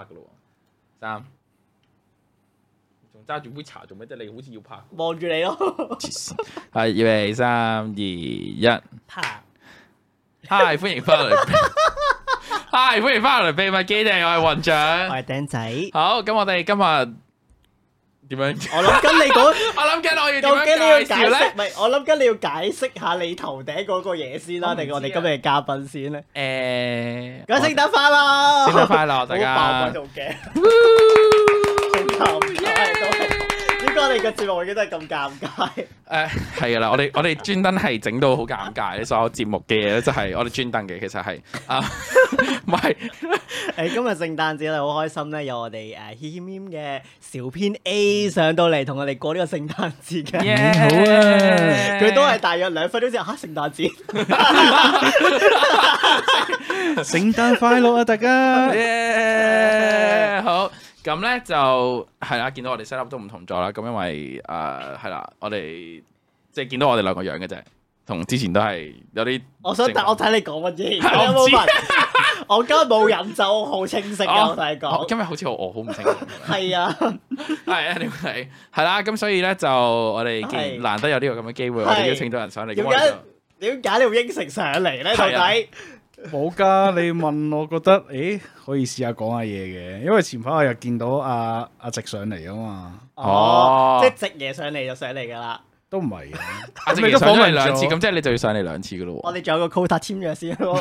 拍噶咯，三，仲揸住杯茶做咩啫？你好似要拍，望住你咯。係，預備，三、二、一，拍。Hi，歡迎翻嚟。Hi，歡迎翻嚟秘密基地，我係雲長，我係頂仔。好，咁我哋今日。點樣？我諗緊你講，我諗緊我要點樣解釋？唔係，我諗緊你要解釋下你頭頂嗰個嘢先啦，定係我哋今日嘅嘉賓先咧？誒，聖誕快樂！聖誕快樂，大家！好爆！好勁！鏡頭，耶！我哋嘅節目已經都係咁尷尬。誒，係噶啦，我哋我哋專登係整到好尷尬嘅所有節目嘅嘢咧，就係我哋專登嘅，其實係啊，唔係誒，今日聖誕節咧好開心咧，有我哋誒 hehememes 嘅小編 A 上到嚟同我哋過呢個聖誕節嘅，好啊！佢都係大約兩分鐘之後哈聖誕節，聖誕快樂啊大家，好。咁咧就係啦，見到我哋 set up 都唔同咗啦。咁因為誒係啦，我哋即係見到我哋兩個樣嘅啫，同之前都係有啲。 我想但 我睇你講乜先？我今日冇飲酒，好清醒啊！我同你講，今日好似我我好唔清醒。係啊，係啊，點解？係 啦的，咁所以咧就我哋見難得有呢個咁嘅機會，的我哋邀請咗人上嚟。點解點解你會應承上嚟咧？的到底？ 冇 㗎，你問我覺得，誒、欸、可以試下講下嘢嘅，因為前排我又見到阿阿直上嚟啊嘛，哦，哦即係直嘢上嚟就上嚟㗎啦。都唔係嘅，下次你都訪問兩次，咁即係你就要上嚟兩次嘅咯喎。我哋仲有個 quota 簽約先，我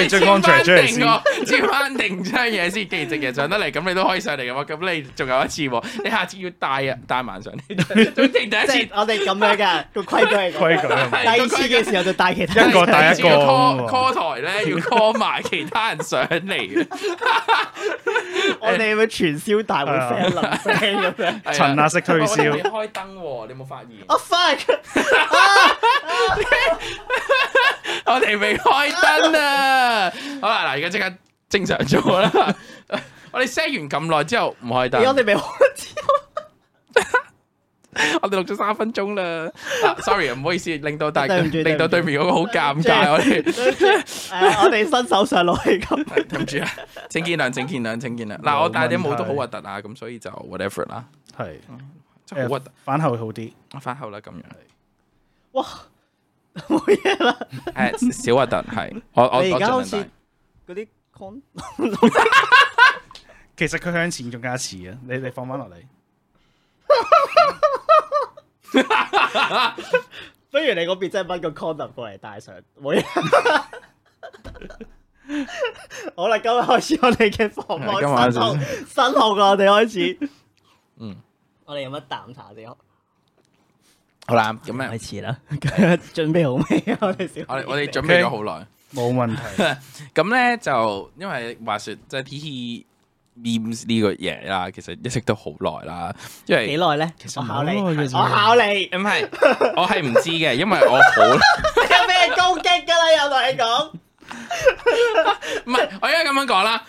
哋追 contract 先，簽翻定張嘢先。既然直情上得嚟，咁你都可以上嚟嘅嘛。咁你仲有一次，你下次要帶啊帶埋上嚟，總之第一次我哋咁樣嘅。個規矩係規矩，第二次嘅時候就帶其他人，一個帶一個。call 台咧要 call 埋其他人上嚟。我哋係咪傳銷大會聲林聲咁樣？陳啊，識推銷。開燈喎，你冇。我哋未開燈啊！好啦，嗱，而家即刻正常做啦。 我哋 set 完咁耐之後唔開燈。 我哋未開，我哋錄咗三分鐘啦。Ah, sorry，唔好意思，令到大家，令到對面嗰個好尷尬我、 呃。我哋，我哋新手上路係咁，停住啊！請見諒，請見諒，請見諒。嗱，我戴啲帽都好核突啊，咁所以就 whatever 啦，係。真係好核突，反後會好啲，反後啦咁樣係。哇，冇嘢啦。小核突係，我我而家好似嗰啲 c 其實佢向前仲加遲啊！你你放翻落嚟。 不如你嗰邊真係揾個 con 嚟過嚟帶上，冇嘢。 好啦，今日開始我哋嘅繁忙新號，新號我哋開始， 嗯。我哋有乜啖茶先？好啦，咁樣開始啦。我們我們準備好未？我哋小我哋我哋準備咗好耐，冇問題。咁咧 就因為話說，就 P E n a 呢個嘢啦，其實一直都好耐啦。因為幾耐咧？呢其實 我考你，不我考你唔係，我係唔知嘅， 因為我好有咩攻擊噶啦， 又同你講，唔係我應該咁樣講啦。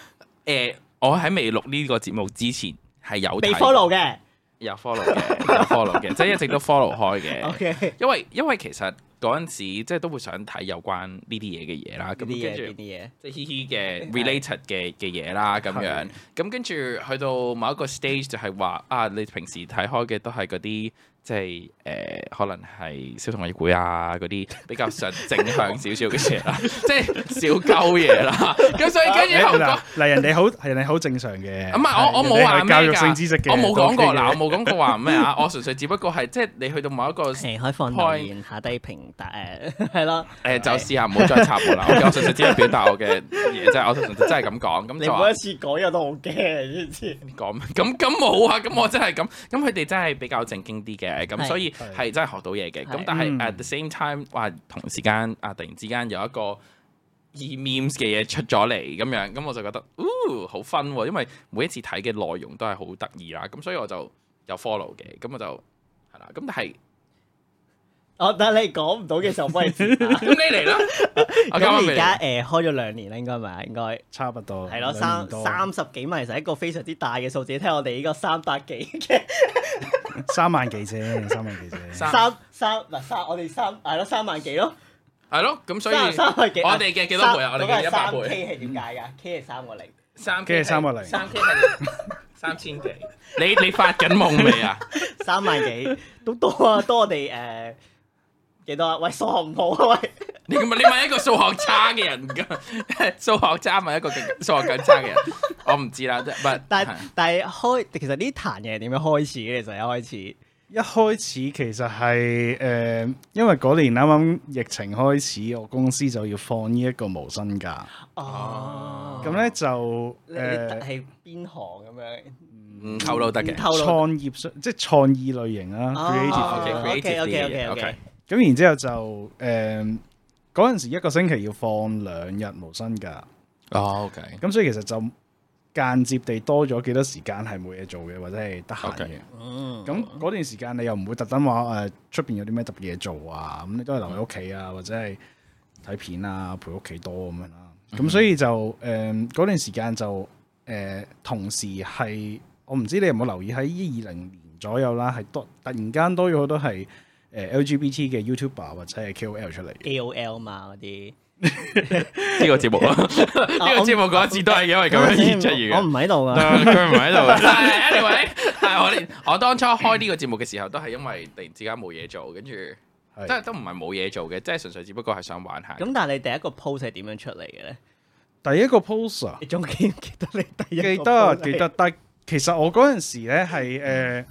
誒，我喺、呃、未錄呢個節目之前係有 follow 嘅。有 follow 嘅，有 follow 嘅， 即係一直都 follow 開嘅。Okay. 因為因為其實嗰陣時即係都會想睇有關呢啲嘢嘅嘢啦。咁跟住啲嘢，即係嘻嘻嘅對 related 嘅嘅嘢啦咁樣。咁跟住去到某一個 stage 就係話啊，你平時睇開嘅都係嗰啲。即係誒，可能係小同學會啊，嗰啲比較上正向少少嘅嘢啦，即係少鳩嘢啦。咁所以跟住我講，嗱人哋好，人哋好正常嘅。唔係我我冇話教育性知識嘅。我冇講過嗱，我冇講過話咩啊。我純粹只不過係即係你去到某一個開放下面下低平達誒，係咯誒，就試下唔好再插我啦。我純粹只係表達我嘅嘢，即係我純粹真係咁講。咁你每一次講嘢都好驚，知唔知？講咁咁冇啊？咁我真係咁，咁佢哋真係比較正經啲嘅。咁、嗯、所以係真係學到嘢嘅，咁的但係 at the same time，哇同時間、嗯、啊，突然之間有一個 memes 嘅嘢出咗嚟，咁樣咁我就覺得，哦好分，因為每一次睇嘅內容都係好得意啦，咁所以我就有 follow 嘅，咁我就係啦，咁但係我等你講唔到嘅時候，我幫你接，咁 你嚟啦。咁而家誒開咗兩年啦，應該咪啊？應該差唔多係咯，三三十幾萬其實一個非常之大嘅數字，聽我哋呢個三百幾嘅。 三萬幾啫，三萬幾啫。三三嗱，三，我哋三係咯三萬幾咯，係咯咁所以三萬幾。我哋嘅幾多倍啊？我哋嘅一百倍。K 係點解噶？K 係三個零，三 K 係三個零，三 K 係三千幾。你你發緊夢未啊？三萬幾都多啊，多我哋誒。Uh, 幾多啊？喂，數學唔好啊！喂，你問你問一個數學差嘅人噶，數學差咪一個數學更差嘅人，我唔知啦。唔係，但係但係開其實呢壇嘢點樣開始嘅？其實一開始，一開始其實係誒，因為嗰年啱啱疫情開始，我公司就要放呢一個無薪假。哦，咁咧就誒係邊行咁樣？嗯，透露得嘅，創業上即係創意類型啦 creative，creative，ok，ok，ok。咁然之後就誒嗰陣時一個星期要放兩日無薪假哦，OK、嗯。咁所以其實就間接地多咗幾多時間係冇嘢做嘅，或者係得閒嘅。咁嗰 Okay. 段時間你又唔會特登話誒出邊有啲咩特別嘢做啊？咁、嗯、你都係留喺屋企啊，嗯、或者係睇片啊，陪屋企多咁樣啦。咁所以就誒嗰、呃、段時間就誒、呃、同時係我唔知你有冇留意喺二零年左右啦，係多突然間多咗好多係。誒 LGBT 嘅 YouTuber 或者係 KOL 出嚟，KOL 嘛，嗰啲呢個節目啊，呢個節目嗰一次都係因為咁樣出現。我唔喺度啊，佢唔喺度。Anyway，我我當初開呢個節目嘅時候，都係因為突然之間冇嘢做，跟住即係都都唔係冇嘢做嘅，即係純粹只不過係想玩下。咁但係你第一個 post 係點樣出嚟嘅咧？第一個 post 啊，你仲記唔記得你第一記得記得？但其實我嗰陣時咧係誒。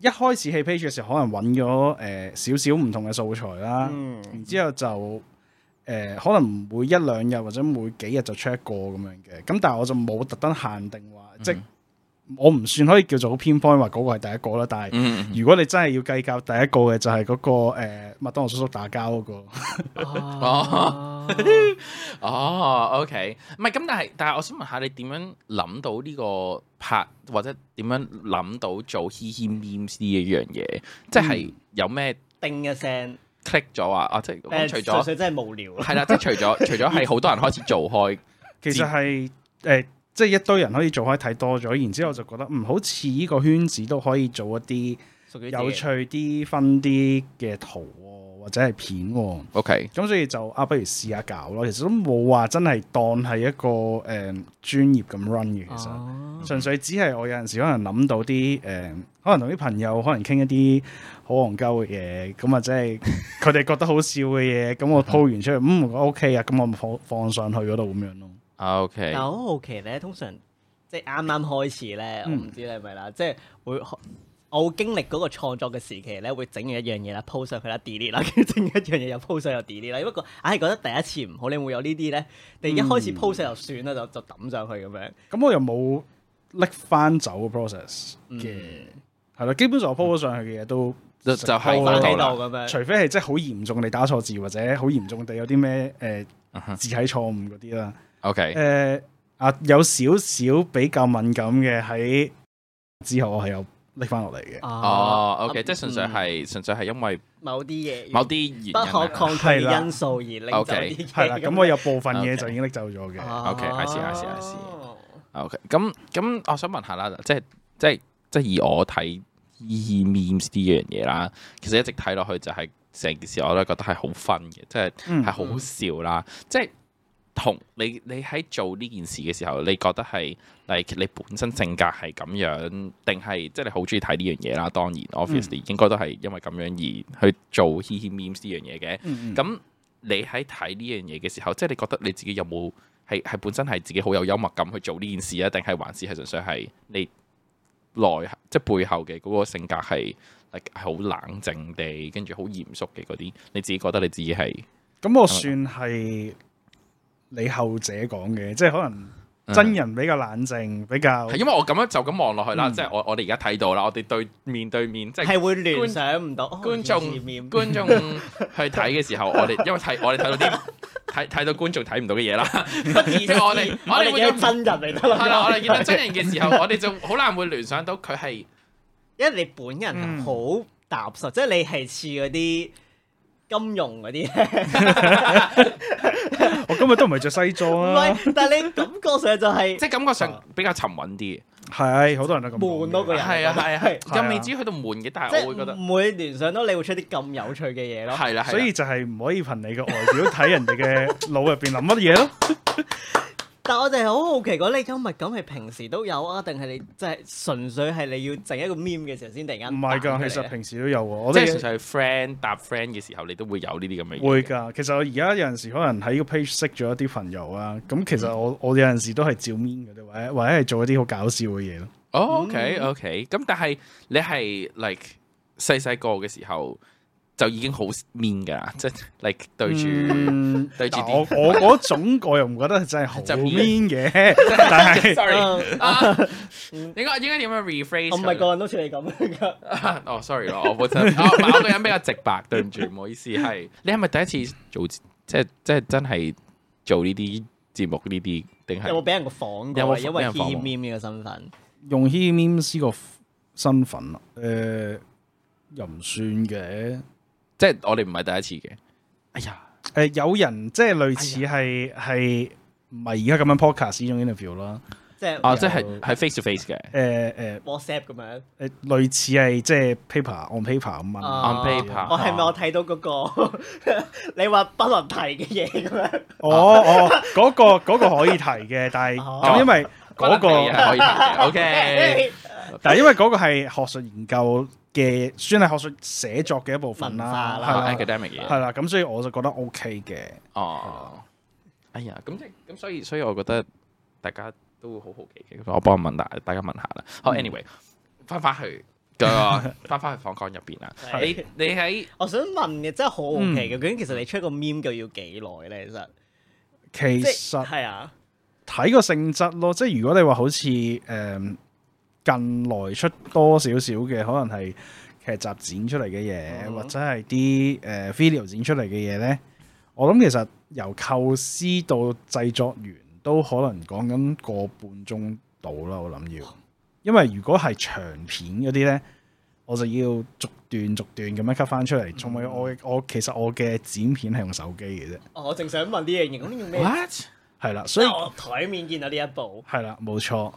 一開始起 page 嘅時候，可能揾咗誒少少唔同嘅素材啦，mm hmm. 然之後就誒、呃、可能每一兩日或者每幾日就出一個咁樣嘅，咁但係我就冇特登限定話，即、mm hmm. 我唔算可以叫做 pinpoint 話嗰個係第一個啦。但係如果你真係要計較第一個嘅，那個，就係嗰個誒麥當勞叔叔打交嗰，那個。 哦，OK，唔係咁，但係但係，我想問下你點樣諗到呢個拍或者點樣諗到做 hehe memes 呢一樣嘢，即係有咩叮一聲 click 咗話啊？即係除咗真係無聊，係啦，即係除咗除咗係好多人開始做開，其實係誒，即、呃、係、就是、一堆人可以做開睇多咗，然之後就覺得嗯，好似呢個圈子都可以做一啲有趣啲、分啲嘅圖、哦。即係片、啊，OK，咁所以就啊，不如試下搞咯。其實都冇話真係當係一個誒專、嗯、業咁 run 嘅，其實純、啊、粹只係我有陣時可能諗到啲誒、嗯，可能同啲朋友可能傾一啲好戇鳩嘅嘢，咁、嗯、啊即係佢哋覺得好笑嘅嘢，咁、嗯、 我鋪完出去，嗯，如果 OK 啊、嗯，咁我咪放放上去嗰度咁樣咯。OK，但係我好奇咧，通常即係啱啱開始咧，我唔知你係咪啦，即係會。我會經歷嗰個創作嘅時期咧，會整完一樣嘢啦，post 上去啦，delete 啦，整一樣嘢又 post 上又 delete 啦。不過，唉，覺得第一次唔好，你會有呢啲咧。你一開始 post 上就算啦，就就抌上去咁樣。咁我又冇拎翻走 process 嘅，係啦。基本上我 post 咗上去嘅嘢都就就係喺度咁樣，除非係即係好嚴重地打錯字或者好嚴重地有啲咩誒字體錯誤嗰啲啦。OK，誒啊，有少少比較敏感嘅喺之後，我係有，拎翻落嚟嘅，哦、oh，OK、嗯、即係純粹係，純、嗯、粹係因為某啲嘢，某啲原因，不可抗拒因素而拎到啲嘢，係啦了，咁 Okay, 我有部分嘢 okay, 就已經拎走咗嘅，OK，I、okay, see，I see、okay，I see，OK，咁咁，我想問下啦，即係即係即係以我睇 memes 呢樣嘢啦，其實一直睇落去就係成件事，我都覺得係好分嘅，即係係好笑啦，嗯、即係。同你你喺做呢件事嘅時候，你覺得係，例如你本身性格係咁樣，定係即係你好中意睇呢樣嘢啦？當然，Obviously、嗯、應該都係因為咁樣而去做 HeHe memes 呢樣嘢嘅。咁、嗯嗯、你喺睇呢樣嘢嘅時候，即係你覺得你自己有冇係係本身係自己好有幽默感去做呢件事啊？定係還是係純粹係你內即係背後嘅嗰個性格係係好冷靜地，跟住好嚴肅嘅嗰啲？你自己覺得你自己係？咁我算係。你後者講嘅，即係可能真人比較冷靜，比較因為我咁樣就咁望落去啦，即係我我哋而家睇到啦，我哋對面對面即係會聯想唔到觀眾觀眾去睇嘅時候，我哋因為睇我哋睇到啲睇睇到觀眾睇唔到嘅嘢啦，不似我哋我哋見真人嚟得啦，我哋見真人嘅時候，我哋就好難會聯想到佢係因為你本人好踏實，即係你係似嗰啲金融嗰啲 我今日都唔係着西裝啊！唔係，但係你感覺上就係即係感覺上比較沉穩啲，係好多人都咁悶嗰個人，係啊係啊係。咁、啊、你至於去到悶嘅，但係我會覺得唔會聯想到你會出啲咁有趣嘅嘢咯。係啦、啊，啊啊、所以就係唔可以憑你嘅外表睇人哋嘅腦入邊諗乜嘢咯。但我哋好好奇，你今日咁係平時都有啊，定係你即係純粹係你要整一個 meme 嘅時候先突然間？唔係㗎，其實平時都有喎。我即係其實 friend 搭 friend 嘅時候，你都會有呢啲咁嘅嘢。會㗎，其實我而家有陣時可能喺個 page 識咗一啲朋友啊。咁其實我我有陣時都係照 meme 嘅或者或者係做一啲好搞笑嘅嘢咯。okay，okay，咁但係你係 like 細細個嘅時候。就已經好 mean 噶，即係 like 對住對住我我嗰種個人唔覺得真係好 mean 嘅，但係 sorry，應該應該點樣 rephrase 我唔係個人都似你咁噶，哦，sorry 咯，我本身我我個人比較直白，對唔住，唔好意思。係你係咪第一次做即係即係真係做呢啲節目呢啲，定係有冇俾人個訪過？有冇因為 he meme 呢個身份？用 he meme 呢個身份啊？誒，又唔算嘅。即係我哋唔係第一次嘅。哎呀，誒、呃，有人即係類似係係唔係而家咁樣 podcast 呢種 interview 啦。即係啊，即係係 face to face 嘅。誒誒、呃呃、WhatsApp 咁樣誒，類似係即係 paper on paper 咁問。on paper，uh, 嗯嗯、我係咪我睇到嗰、那個、啊、你話不能提嘅嘢咁樣？哦哦，嗰、那個、那個可以提嘅，但係咁因為嗰、那個可以提嘅。O、okay、K，但係因為嗰個係學術研究。嘅，算係學術寫作嘅一部分啦，係啦，咁所以我就覺得 OK 嘅。哦，哎呀，咁即咁所以所以，我覺得大家都會好好奇嘅。我幫我問大大家問下啦。好，anyway，翻翻去嗰個翻翻去房間入邊啊。你你喺我想問嘅真係好奇嘅，究竟其實你出個 meme 要幾耐咧？其實其實係啊，睇個性質咯。即係如果你話好似誒。近來出多少少嘅可能係劇集剪出嚟嘅嘢，嗯、或者係啲誒 video 剪出嚟嘅嘢咧，我諗其實由構思到製作完都可能講緊個半鐘到啦，我諗要，因為如果係長片嗰啲咧，我就要逐段逐段咁樣 cut 翻出嚟，仲咪、嗯、我我其實我嘅剪片係用手機嘅啫。哦，我淨想問啲嘢嘢，咁用咩？What？係啦，所以我台面見到呢一部係啦，冇錯。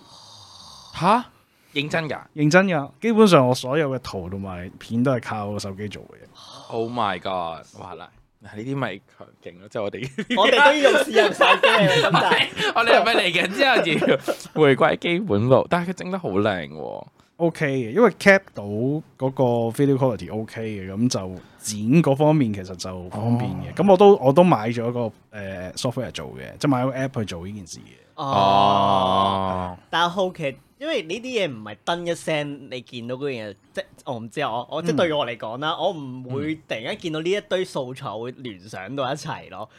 吓？認真噶，認真噶，基本上我所有嘅圖同埋片都係靠個手機做嘅。Oh my god！哇啦，嗱呢啲咪強勁咯，即、就、係、是、我哋， 我哋都要用私人手機 我哋係咪嚟緊之後要回歸基本步？但係佢整得好靚喎。OK 嘅，因為 cap 到嗰個 video quality OK 嘅，咁就剪嗰方面其實就方便嘅。咁、oh. 我都我都買咗個誒 software 做嘅，即係買咗個 app 去做呢件事嘅。哦，oh. uh, 但係後期。因為呢啲嘢唔係噔一聲你見到嗰樣嘢，即係我唔知啊，我我、嗯、即係對我嚟講啦，我唔會突然間見到呢一堆素材會聯想到一齊咯。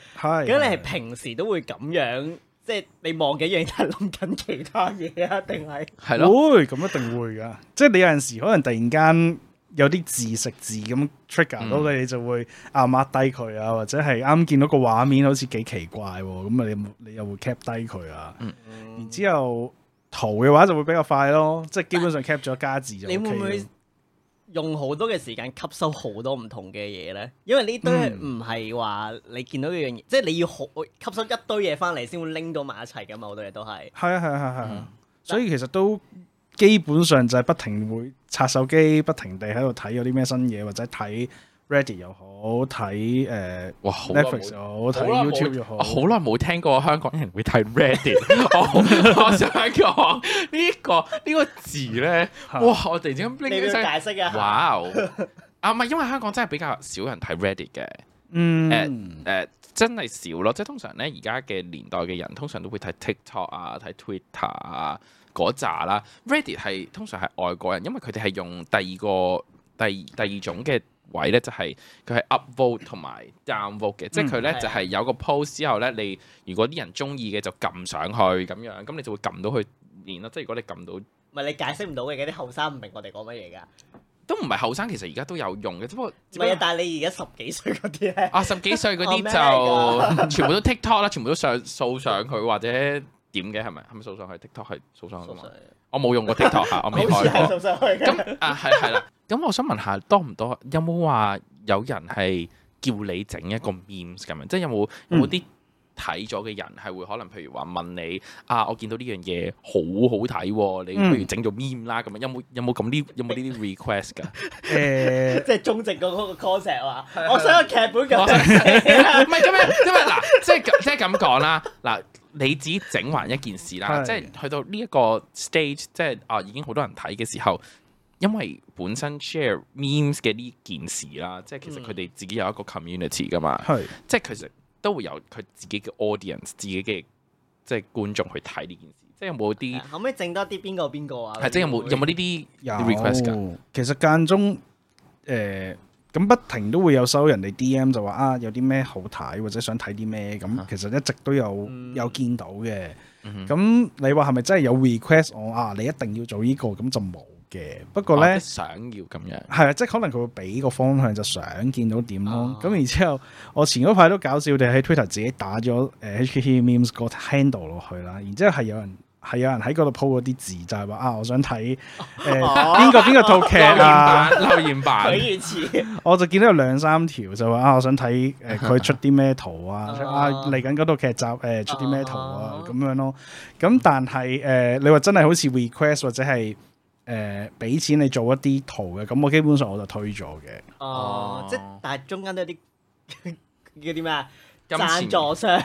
如果、嗯、你係平時都會咁樣，即係你望幾樣嘢諗緊其他嘢啊？定係係咯？ 會咁一定會噶，即係你有陣時可能突然間有啲字食字咁 trigger 到你，你就會啊 mark 低佢啊，或者係啱見到個畫面好似幾奇怪，咁啊你你又會 cap 低佢啊？嗯、然之後。圖嘅話就會比較快咯，即係基本上 cap 咗加字就。你會唔會用好多嘅時間吸收好多唔同嘅嘢呢？因為呢堆唔係話你見到一樣嘢，嗯、即係你要好吸收一堆嘢翻嚟，先會拎到埋一齊噶嘛？好多嘢都係。係啊係啊係啊係啊，所以其實都基本上就係不停會刷手機，不停地喺度睇有啲咩新嘢或者睇。Ready 又好睇誒，哇！Netflix 又好睇 YouTube 又好，uh, 好耐冇、啊、聽過香港人會睇 Reddit。 我想講呢、這個呢、這個字咧， 哇！我突然之間拎起身，解釋啊！哇！唔係因為香港真係比較少人睇 Reddit 嘅， 嗯誒誒、呃呃，真係少咯。即係通常咧，而家嘅年代嘅人通常都會睇 TikTok 啊，睇 Twitter 啊嗰扎啦。Reddit 係通常係外國人，因為佢哋係用第二個第二第二種嘅。位咧就係佢係 upvote 同埋 downvote 嘅，嗯、即係佢咧就係有個 post 之後咧，你如果啲人中意嘅就撳上去咁樣，咁你就會撳到去連咯。即係如果你撳到，唔係你解釋唔到嘅，嗰啲後生唔明我哋講乜嘢噶，都唔係後生，其實而家都有用嘅，只不過唔係，但係你而家十幾歲嗰啲咧，啊十幾歲嗰啲就全部都 TikTok 啦，全部都上掃上去，或者點嘅係咪？係咪掃上去 TikTok 係掃上去。 我冇用過 TikTok 吓，我未開。咁 啊，係係啦。咁我想問下，多唔多有冇話有人係叫你整一個 memes 咁 樣？即係有冇有啲睇咗嘅人係會可能，譬如話問你啊，我見到呢樣嘢好好睇，你不如整做 meme 啦咁樣。有冇有冇咁呢？有冇呢啲 request 噶？誒，即係種植個嗰個 concept 話，我想個劇本咁。唔係咁樣，咁樣嗱，即係即係咁講啦嗱。你自己整完一件事啦，的即係去到呢一個 stage，即係啊，已經好多人睇嘅時候，因為本身 share memes 嘅呢件事啦，即係其實佢哋自己有一個 community 噶嘛，係的，即係其實都會有佢自己嘅 audience，的自己嘅即係觀眾去睇呢件事，即係有冇啲可唔可以整多啲邊個邊個啊？係即係有冇有冇呢啲 request 噶？其實間中誒。呃咁不停都會有收人哋 D M 就話啊，有啲咩好睇或者想睇啲咩咁，其實一直都有、嗯、有見到嘅。咁、嗯、哼你話係咪真係有 request 我啊？你一定要做呢、這個咁就冇嘅。不過咧，啊就是、想要咁樣係啊，即係可能佢會俾個方向就是、想見到點咯。咁、啊、然之後，我前嗰排都搞笑，我哋喺 Twitter 自己打咗誒 HK memes 個 handle 落去啦，然之後係有人。係有人喺嗰度 po 嗰啲字，就係、是、話啊，我想睇誒邊個邊個套劇啊，留 言版，言版 我就見到有兩三條，就話、是、啊，我想睇誒佢出啲咩圖啊，哦、啊嚟緊嗰套劇集誒、呃、出啲咩圖啊，咁樣咯。咁但係誒、呃、你話真係好似 request 或者係誒俾錢你做一啲圖嘅，咁我基本上我就推咗嘅。哦，即係但係中間都有啲叫啲咩？贊助商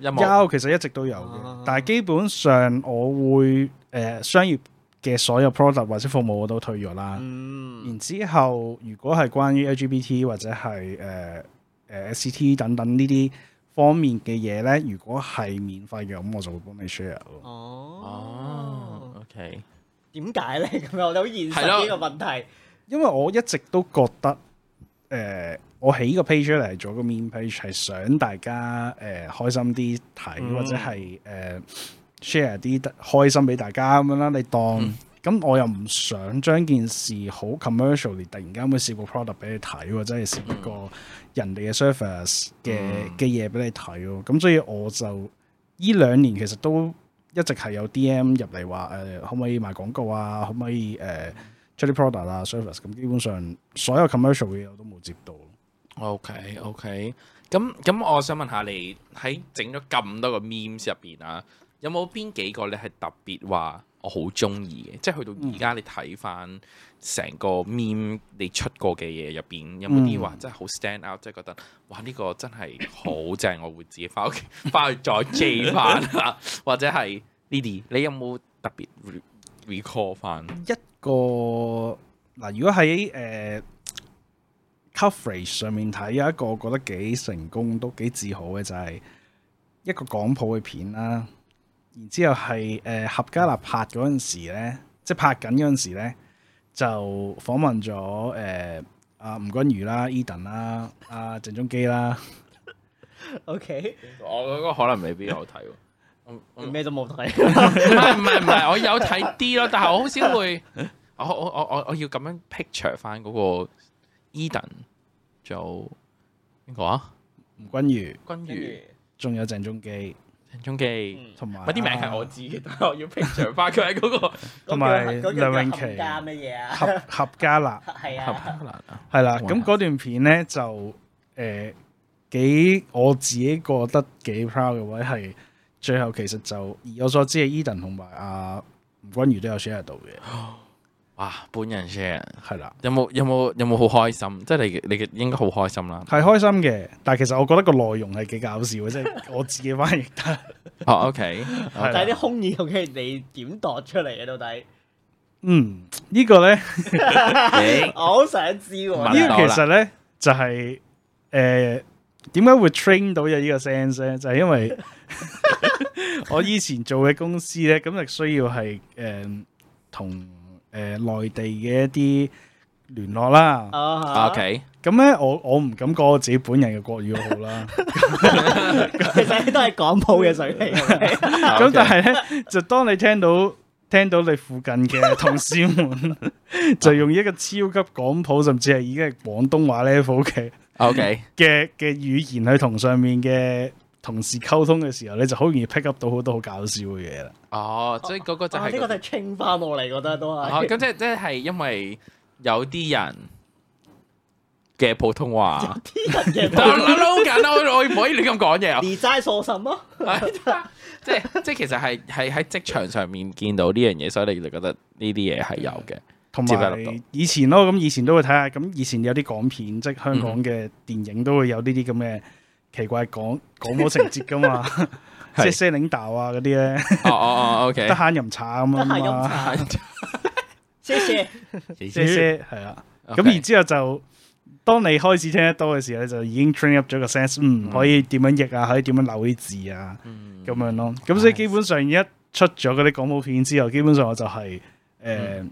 有冇？有，其實一直都有嘅。啊、但係基本上我會誒、呃、商業嘅所有 product 或者服務我都退咗啦。嗯、然之後如果係關於 LGBT 或者係誒誒、呃呃、SCT 等等呢啲方面嘅嘢咧，如果係免費嘅，咁我就會幫你 share 咯。哦哦，OK。點解咧？咁樣好現實呢個問題？因為我一直都覺得誒。呃我起個 page 出嚟做個 meme page，係想大家誒、呃、開心啲睇，或者係誒 share 啲開心俾大家咁樣啦。你當咁、嗯、我又唔想將件事好 commercial 啲，突然間會試個 product 俾你睇喎，或者係試一個人哋嘅 service 嘅嘅嘢俾你睇咁、嗯、所以我就呢兩年其實都一直係有 DM 入嚟話誒，可唔可以賣廣告啊？可唔可以誒、呃、出啲 product 啊 service？咁基本上所有 commercial 嘅嘢我都冇接到。OK OK，咁咁，我想問下你喺整咗咁多個 memes 入邊啊，有冇邊幾個你係特別話我好中意嘅？即係去到而家你睇翻成個 meme 你出過嘅嘢入邊，有冇啲話真係好 stand out，即係覺得哇呢、這個真係好正， 我會自己翻屋企翻去再 J 翻或者係 Lily，你有冇特別 re, recall 翻一個嗱？如果喺誒。呃 coverage 上面睇有一個覺得幾成功都幾自豪嘅就係、是、一個港普嘅片啦，然之後係誒、呃、合家樂拍嗰陣時咧，即係拍緊嗰陣時咧，就訪問咗誒阿吳君如啦、Eden 啦、呃、阿鄭中基啦。OK，我覺得可能未必有睇，我咩 都冇睇。唔係唔係，我有睇啲咯，但係我好少會，我我我我我要咁樣 picture 翻嗰個。伊登，仲有邊個啊？吳君如，吳君如，仲有鄭中基，鄭中基，同埋嗰啲名係我自己，但係我要平常化佢喺嗰個，同埋梁詠琪加乜嘢啊？合合家樂係啊，合家樂係啦。咁嗰段片咧就誒幾，我自己覺得幾 proud 嘅位係最後，其實就以我所知嘅伊登同埋阿吳君如都有 share 到嘅。哇！本人啫，係啦，有冇有冇有冇好開心？即係你你嘅應該好開心啦，係開心嘅。但係其實我覺得個內容係幾搞笑嘅，即係 我自己翻譯得。哦，OK，但係啲空耳，究竟，你點度出嚟嘅到底？啦嗯，這個、呢個咧， 我好想知。呢個其實咧，就係誒，點解會 train 到有呢個 sense 咧？就係因為 我以前做嘅公司咧，咁就需要係誒同。呃誒內、呃、地嘅一啲聯絡啦、oh，OK，咁咧我我唔敢講我自己本人嘅國語好啦， 其實都係港普嘅水平。咁 但係咧，就當你聽到聽到你附近嘅同事們， 就用一個超級港普，甚至係已經係廣東話 level 嘅 OK 嘅嘅語言去同上面嘅。同事溝通嘅時候，你就好容易 pick up 到好多好搞笑嘅嘢啦。哦，即係嗰、那個啊啊這個就係呢個都係傾翻我嚟，我覺得都係。咁、哦啊啊、即即係因為有啲人嘅普通話，有啲人嘅。 我我唔可以亂 你咁講嘢啊！你齋傻神咯，即即其實係係喺職場上面見到呢樣嘢，所以你就覺得呢啲嘢係有嘅。同埋有以前咯，咁以前都會睇下，咁以前有啲港片，即香港嘅電影、嗯、都會有呢啲咁嘅。奇怪講講冇情節噶嘛，即係 leader 啊嗰啲咧，哦哦哦，OK，得閒飲茶咁啊嘛，謝謝，謝謝，係啊，咁、嗯嗯嗯、然之後就當你開始聽得多嘅時候咧，就已經 train up 咗個 sense，嗯，可以點樣譯啊，嗯、可以點樣扭啲字啊，咁樣咯，咁所以基本上一出咗嗰啲廣播片之後，基本上我就係誒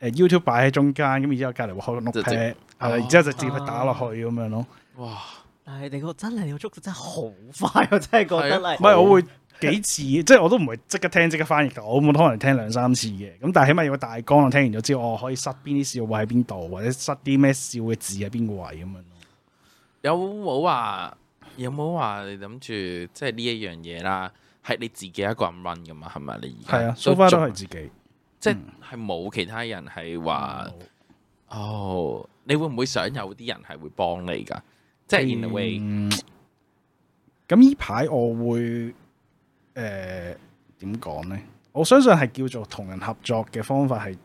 誒 YouTube 擺喺中間，咁然之後隔籬會開個 Notepad，係啦，然之後、哦啊哦 uh, 後就直接打落去咁樣咯，哇！但係你個真係你個速度真係好快，我真係覺得唔係我會幾次， 即係我都唔係即刻聽即刻翻譯噶，我冇可能聽兩三次嘅。咁但係起碼有個大綱，我聽完咗之後，我、哦、可以塞邊啲笑位喺邊度，或者塞啲咩笑嘅字喺邊個位咁樣。有冇話有冇話你諗住即係呢一樣嘢啦？係你自己一個人 run 噶嘛？係咪你而家？係啊，所有都係自己，嗯、即係冇其他人係話、嗯。哦，你會唔會想有啲人係會幫你噶？即係，咁呢排我會誒點講咧？我相信係叫做同人合作嘅方法係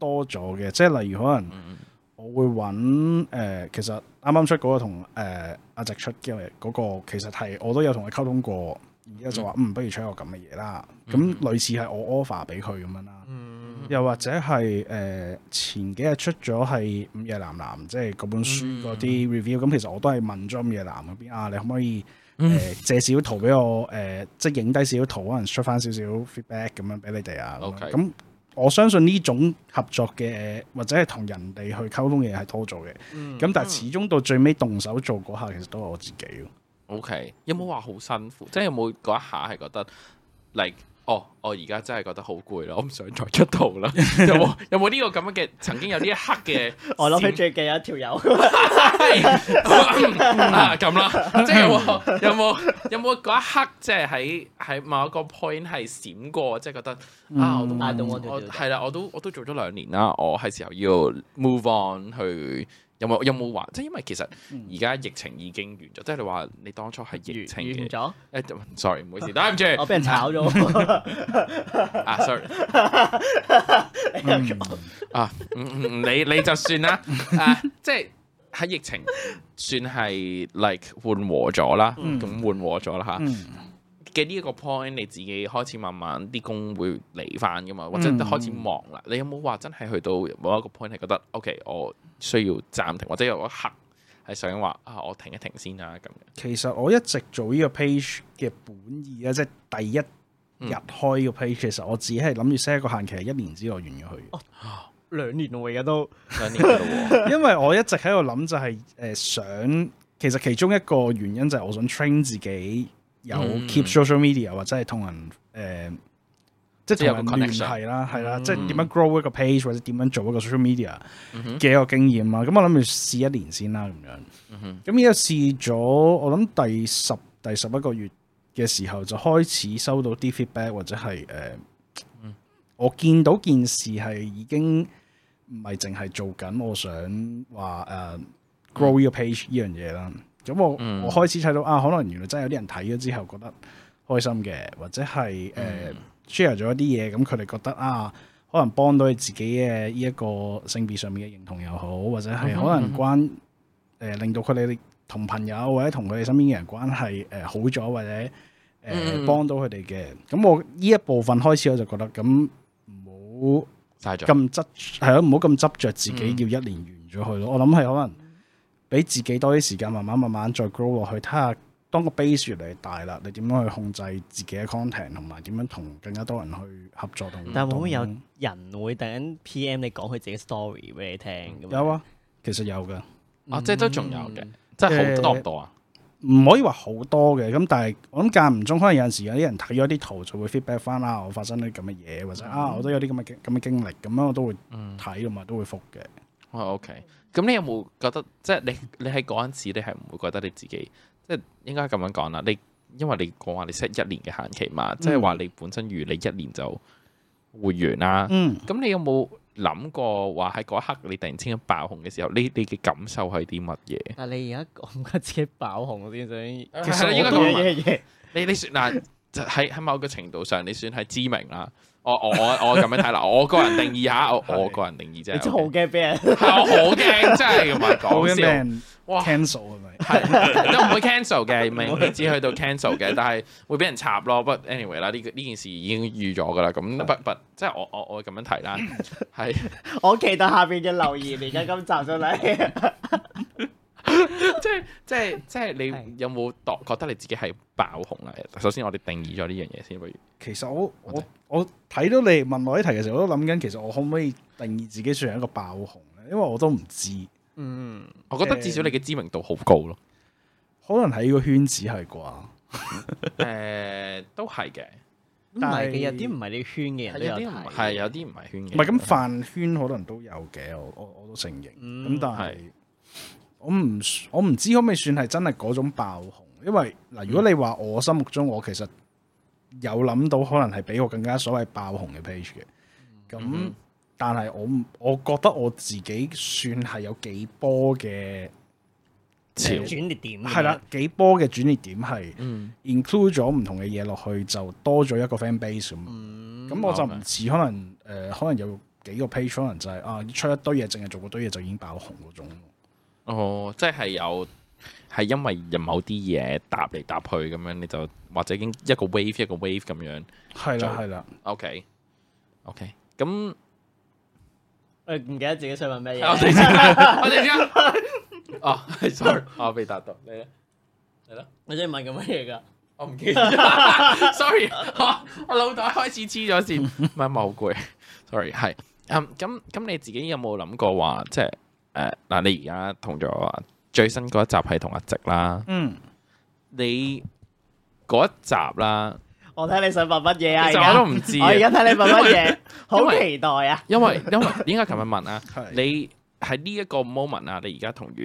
多咗嘅，嗯、即係例如可能我會搵誒、呃，其實啱啱出嗰個同誒阿直出嘅嗰、嗰個，其實係我都有同佢溝通過，而家就話嗯不如出個咁嘅嘢啦，咁、嗯、類似係我 offer 俾佢咁樣啦。嗯嗯又或者係誒、呃、前幾日出咗係《午夜藍藍》，即係嗰本書嗰啲 review、嗯。咁其實我都係問咗《午夜藍》嗰邊啊，你可唔可以誒、嗯呃、借少圖俾我？誒、呃、即係影低少圖，可能出返少少 feedback 咁樣俾你哋啊。咁 Okay. 我相信呢種合作嘅或者係同人哋去溝通嘅嘢係拖咗嘅。咁、嗯、但係始終到最尾動手做嗰下，其實都係我自己。O、okay. K. 有冇話好辛苦？即係有冇嗰一下係覺得嚟？Like, 哦、oh,，我而家真係覺得好攰咯，我唔想再出圖啦。 有冇有冇呢個咁樣嘅曾經有啲一刻嘅？我諗佢最嘅一條友。啊咁啦，即係有冇有冇嗰一刻即係喺喺某一個 point 係閃過，即係覺得啊，我都嗌到、嗯、我哋。」係啦，我都我都做咗兩年啦， 我係時候要 move on 去。有冇有冇話？即係因為其實而家疫情已經完咗，即係你話你當初係疫情嘅完咗。誒、uh,，sorry，唔好意思，對唔住我俾人炒咗。啊，sorry。啊、 uh, um, um, um,，嗯嗯，你你就算啦。誒、uh,，即係喺疫情算係 like 緩和咗啦，咁緩、 uh, 和咗啦吓。Uh, 嘅呢一個 point，你自己開始慢慢啲工會嚟翻㗎嘛，或者開始忙啦。嗯、你有冇話真係去到某一個 point，係覺得 OK，我需要暫停，或者有一刻係想話啊，我停一停先啊咁樣？其實我一直做呢個 page 嘅本意咧，即係第一日開個 page，、嗯、其實我自己係諗住 set 一個限期，一年之內完意去。哦，兩年我而家都 兩年 因為我一直喺度諗，就係誒想，其實其中一個原因就係我想 train 自己。有 keep social media 或者係同人誒、呃，即係有個 connection 係啦，係啦，嗯、即係點樣 grow 一個 page 或者點樣做一個 social media 嘅一個經驗啊！咁、嗯、哼我諗住試一年先啦，咁樣。咁而家試咗，我諗第十、第十一個月嘅時候就開始收到啲 feedback，或者係誒，呃嗯、我見到件事係已經唔係淨係做緊，我想話誒、uh, grow your page 呢樣嘢啦。嗯咁我、嗯、我開始睇到啊，可能原來真係有啲人睇咗之後覺得開心嘅，或者係誒 share 咗一啲嘢，咁佢哋覺得啊，可能幫到佢自己嘅呢一個性別上面嘅認同又好，或者係可能關誒、嗯嗯呃、令到佢哋同朋友或者同佢哋身邊嘅人關係誒好咗，或者誒幫、呃、到佢哋嘅。咁、嗯嗯、我呢一部分開始我就覺得，咁唔好咁執係咯，唔好咁執着自己要一年完咗去咯。嗯嗯、我諗係可能。俾自己多啲時間，慢慢慢慢再 grow 落去，睇下當個 base 越嚟越大啦，你點樣去控制自己嘅 content，同埋點樣同更加多人去合作。但係會唔會有人會突然 PM 你講佢自己 story 俾你聽？咁樣？有啊，其實有嘅，啊即係都仲有嘅，即好、嗯、多多啊？唔、呃、可以話好多嘅，咁、嗯、但係我諗間唔中可能有陣時有啲人睇咗啲圖就會 feedback 翻啦、啊，我發生啲咁嘅嘢，或者啊我都有啲咁嘅咁嘅經歷，咁樣我都會睇同埋都會覆嘅。O K，咁你有冇覺得即係你你喺嗰陣時，你係唔會覺得你自己即係應該咁樣講啦？你因為你講話你 set 一年嘅限期嘛，即係話你本身預你一年就會完啦、啊。咁、嗯、你有冇諗過話喺嗰一刻你突然之間爆紅嘅時候，你你嘅感受係啲乜嘢？啊！你而家講緊自己爆紅先，所以其實你應該講嘅嘢嘢，你你説嗱。 喺喺某個程度上，你算係知名啦。我我我我咁樣睇啦，我個人定義下，我 我個人定義啫。你真係好驚俾人，我好驚，真係咁話講笑。哇，cancel 係咪？係都唔會 cancel 嘅，只去到 cancel 嘅，但係會俾人插咯。不過 anyway 啦，呢呢件事已經預咗噶啦。咁不不，即係我我我咁樣提啦。係 我期待下邊嘅留言而家今集咗你。 即係即係即係，你有冇覺得你自己係爆紅啊？首先，我哋定義咗呢樣嘢先。不如其實我我我睇到你問我呢題嘅時候，我都諗緊，其實我可唔可以定義自己算係一個爆紅咧？因為我都唔知。嗯，我覺得至少你嘅知名度好高咯、呃。可能喺個圈子係啩？誒、 呃，都係嘅，但係嘅，有啲唔係你圈嘅人都有，係有啲唔係圈嘅。唔係咁飯圈可能都有嘅，我我我都承認。咁、嗯、但係。我唔我唔知可唔可以算係真係嗰種爆紅，因為嗱，如果你話我心目中，嗯、我其實有諗到可能係比我更加所謂爆紅嘅 page 嘅，咁、嗯、但係我我覺得我自己算係有幾波嘅潮轉捩點，係啦，幾波嘅轉捩點係、嗯、include 咗唔同嘅嘢落去就多咗一個 fan base 咁，咁、嗯、我就唔似可能誒、呃、可能有幾個 page 可能就係、是、啊出一堆嘢淨係做嗰堆嘢就已經爆紅嗰種。哦，即係有，係因為有某啲嘢搭嚟搭去咁樣，你就或者已經一個 wave 一個 wave 咁樣，係啦係啦。OK OK，咁誒唔記得自己想問咩嘢？我哋知， 我哋知。哦，sorry，我未答到， 吧你啦，嚟啦，你真係問緊乜嘢噶？我唔記得。 sorry，我我腦袋開始黐咗線，唔係， 我好攰。Sorry，係，嗯，咁咁你自己有冇諗過話即係？誒，嗱、呃，你而家同咗最新嗰一集係同阿植啦。嗯，你嗰一集啦，我睇你想問乜嘢啊？其實我都唔知、啊， 我而家睇你問乜嘢，為好期待啊！因為因為點解琴日問啊？ 的你喺呢一個 moment 啊，你而家同完，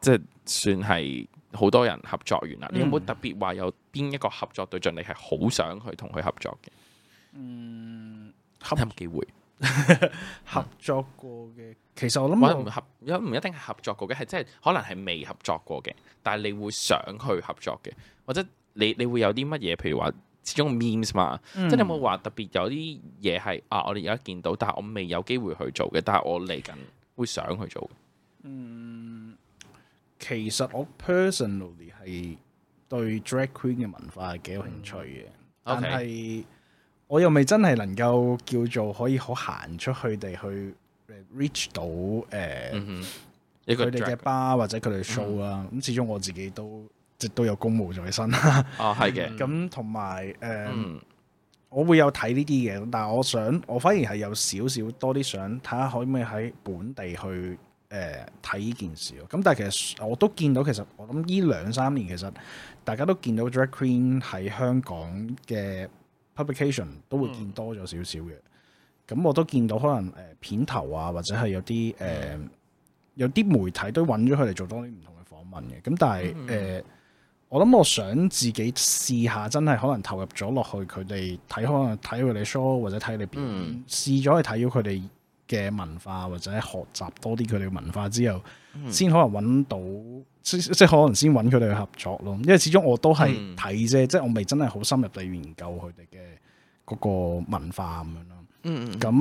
即係算係好多人合作完啦。你有冇特別話有邊一個合作對象你係好想去同佢合作嘅？嗯，有冇機會？ 合作過嘅，其實我諗唔合，唔一定係合作過嘅，係即係可能係未合作過嘅，但係你會想去合作嘅，或者你你會有啲乜嘢，譬如話始終 meme 嘛，嗯、即係你有冇話特別有啲嘢係啊，我哋而家見到，但係我未有機會去做嘅，但係我嚟緊會想去做。嗯，其實我 personally 係對 drag queen 嘅文化係幾有興趣嘅，嗯、但係是。Okay. 我又未真係能夠叫做可以好行出去哋去 reach 到誒佢哋嘅巴，呃嗯、bar，或者佢哋 show 啊、嗯。咁始終我自己都即係都有公務在身啊。係嘅，咁同埋誒，呃嗯、我會有睇呢啲嘅，但係我想我反而係有少少多啲想睇下可唔可以喺本地去誒睇呢件事咁，但係其實我都見到，其實我諗呢兩三年其實大家都見到 drag queen 喺香港嘅。publication 都會見多咗少少嘅，咁我都見到可能誒片頭啊，或者係有啲誒、呃、有啲媒體都揾咗佢哋做多啲唔同嘅訪問嘅，咁但係誒、嗯呃、我諗我想自己試下，真係可能投入咗落去，佢哋睇可能睇佢哋 show 或者睇裏邊，嗯、試咗去睇咗佢哋。嘅文化或者學習多啲佢哋嘅文化之後，先可能揾到即即可能先揾佢哋去合作咯。因為始終我都係睇啫，即我未真係好深入地研究佢哋嘅嗰個文化咁樣咯。嗯，咁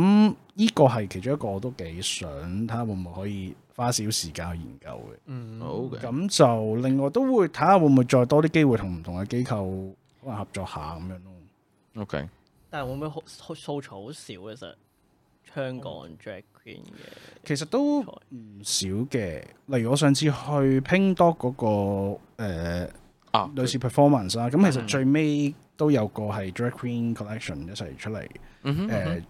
呢個係其中一個，我都幾想睇下會唔會可以花少少時間去研究嘅。嗯，好嘅。咁就另外都會睇下會唔會再多啲機會同唔同嘅機構可能合作下咁樣咯。OK。但係會唔會好素材好少其實？香港 drag queen 嘅，其實都唔少嘅。例如我上次去拼多多嗰個誒、呃、啊，類似 performance 啦、啊，咁其實最尾都有個係 drag queen collection 一齊出嚟，誒、嗯嗯呃、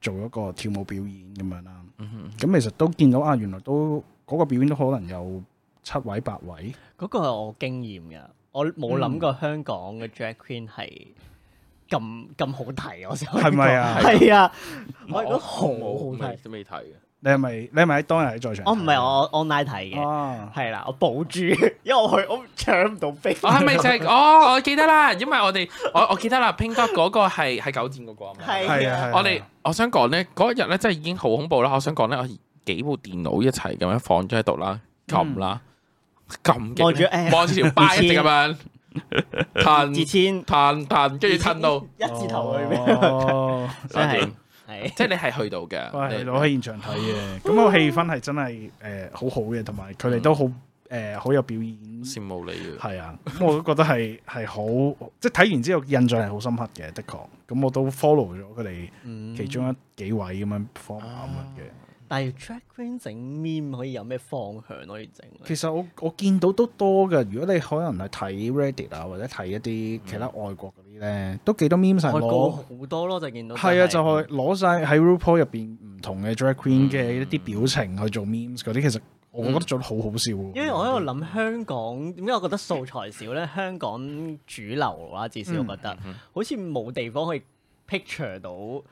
做一個跳舞表演咁樣啦。咁、嗯、哼其實都見到啊，原來都嗰、那個表演都可能有七位八位。嗰個係我經驗嘅，我冇諗過香港嘅 drag queen 係。嗯咁咁好睇我想。係咪啊？係啊，我覺得我好好睇。都未睇嘅，你係咪？你係咪喺當日喺在場我我？我唔係我 online 睇嘅，係啦、啊啊，我保住，因為我去我搶唔到飛。我係咪就係、是？哦，我記得啦，因為我哋 我我記得啦，Pinduoduo 嗰個係喺九展嗰個啊嘛。係 啊，啊我哋我想講咧，嗰日咧真係已經好恐怖啦！我想講咧，我幾部電腦一齊咁樣放咗喺度啦，撳啦，撳住，望住條擺咁樣。彈字千，彈彈，跟住彈到一字頭去咩？哦，真係係，即係你係去到嘅，我喺現場睇嘅，咁個氣氛係真係誒好好嘅，同埋佢哋都好誒好有表演，羨慕你嘅，係啊，咁我都覺得係係好，即係睇完之後印象係好深刻嘅，的確，咁我都 follow 咗佢哋其中一幾位咁樣方啊咁樣嘅。但係 drag queen 整 meme 可以有咩方向可以整？其實我我見到都多嘅，如果你可能係睇 Reddit 啊，或者睇一啲其他外國嗰啲咧，嗯、都幾多 meme 晒。外國好多咯，就見到係啊，就係攞晒喺 RuPaul 入邊唔同嘅 drag queen 嘅一啲表情去做 meme 嗰啲，嗯、其實我覺得做得好好笑。嗯、因為我喺度諗香港點解我覺得素材少咧？香港主流啦，至少我覺得、嗯、好似冇地方可以 picture 到。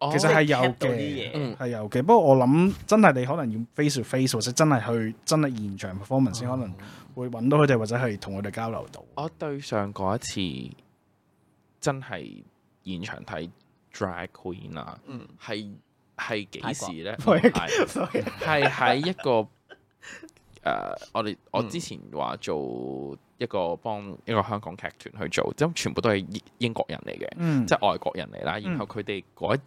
其實係有嘅，係有嘅。不過我諗，真係你可能要 face to face，或者真係去真係現場 performance 先可能會揾到佢哋，或者係同佢哋交流到。我對上嗰一次真係現場睇 drag queen 啊，係係幾時呢？係喺一個誒，我哋我之前話做一個幫一個香港劇團去做，即全部都係英國人嚟嘅，即係外國人嚟啦。然後佢哋一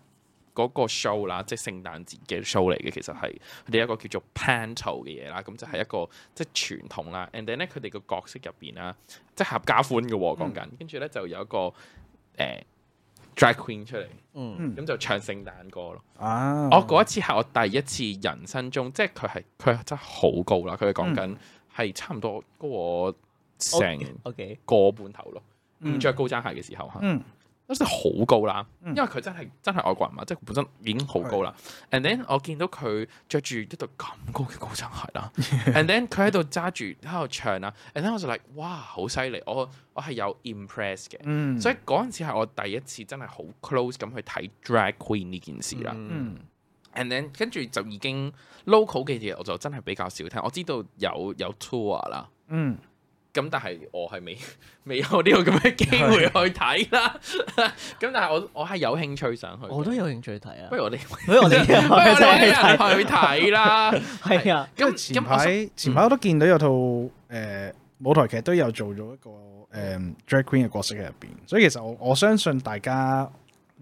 嗰個 show 啦，即係聖誕節嘅 show 嚟嘅，其實係佢哋一個叫做 panto 嘅嘢啦，咁就係一個即係、就是、傳統啦。And then 咧，佢哋個角色入邊啦，即係合家歡嘅喎，講緊、嗯。跟住咧就有一個誒 drag queen 出嚟，嗯，咁就唱聖誕歌咯。啊、嗯！我嗰一次係我第一次人生中，即係佢係佢真係好高啦。佢哋講緊係差唔多我成個半頭咯，唔著高踭鞋嘅時候嚇。嗯嗯都真係好高啦，因為佢真係真係外國人嘛，即係本身已經好高啦。And then 我見到佢着住一對咁高嘅高踭鞋啦，And then 佢喺度揸住喺度唱啦，And then 我就嚟，like 哇，好犀利，我我係有 impress 嘅，嗯、所以嗰陣時係我第一次真係好 close 咁去睇 drag queen 呢件事啦。嗯、And then 跟住就已經 local 嘅嘢我就真係比較少聽，我知道有有 tour 啦。嗯咁但係我係未未有呢個咁嘅機會去睇啦。咁是 但係我我係有興趣上去，我都有興趣睇啊。不如我哋，我哋，不如去睇啦。係 啊。咁前排我前排我都見到有套誒、嗯、舞台劇都有做咗一個誒 Drag Queen 嘅角色喺入邊，所以其實我我相信大家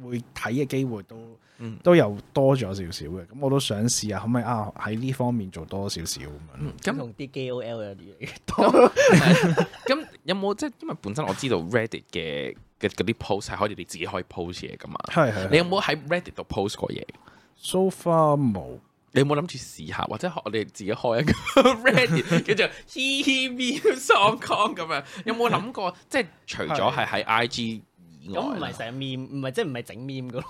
會睇嘅機會都。嗯，都有多咗少少嘅，咁我都想試下可唔可以啊喺呢方面做多少少咁樣。咁用啲 GOL 嘅啲嘢。咁有冇即係因為本身我知道 Reddit 嘅嘅嗰啲 post 係可以你自己可以 post 嘢㗎嘛。係係。你有冇喺 Reddit 度 post 過嘢？So far 冇。有你有冇諗住試下，或者我哋自己開一個 Reddit， 叫做 HeHeMemes Hong Kong 咁樣？有冇諗過即係除咗係喺 IG？咁唔係成面，唔係即係唔係整麵嘅，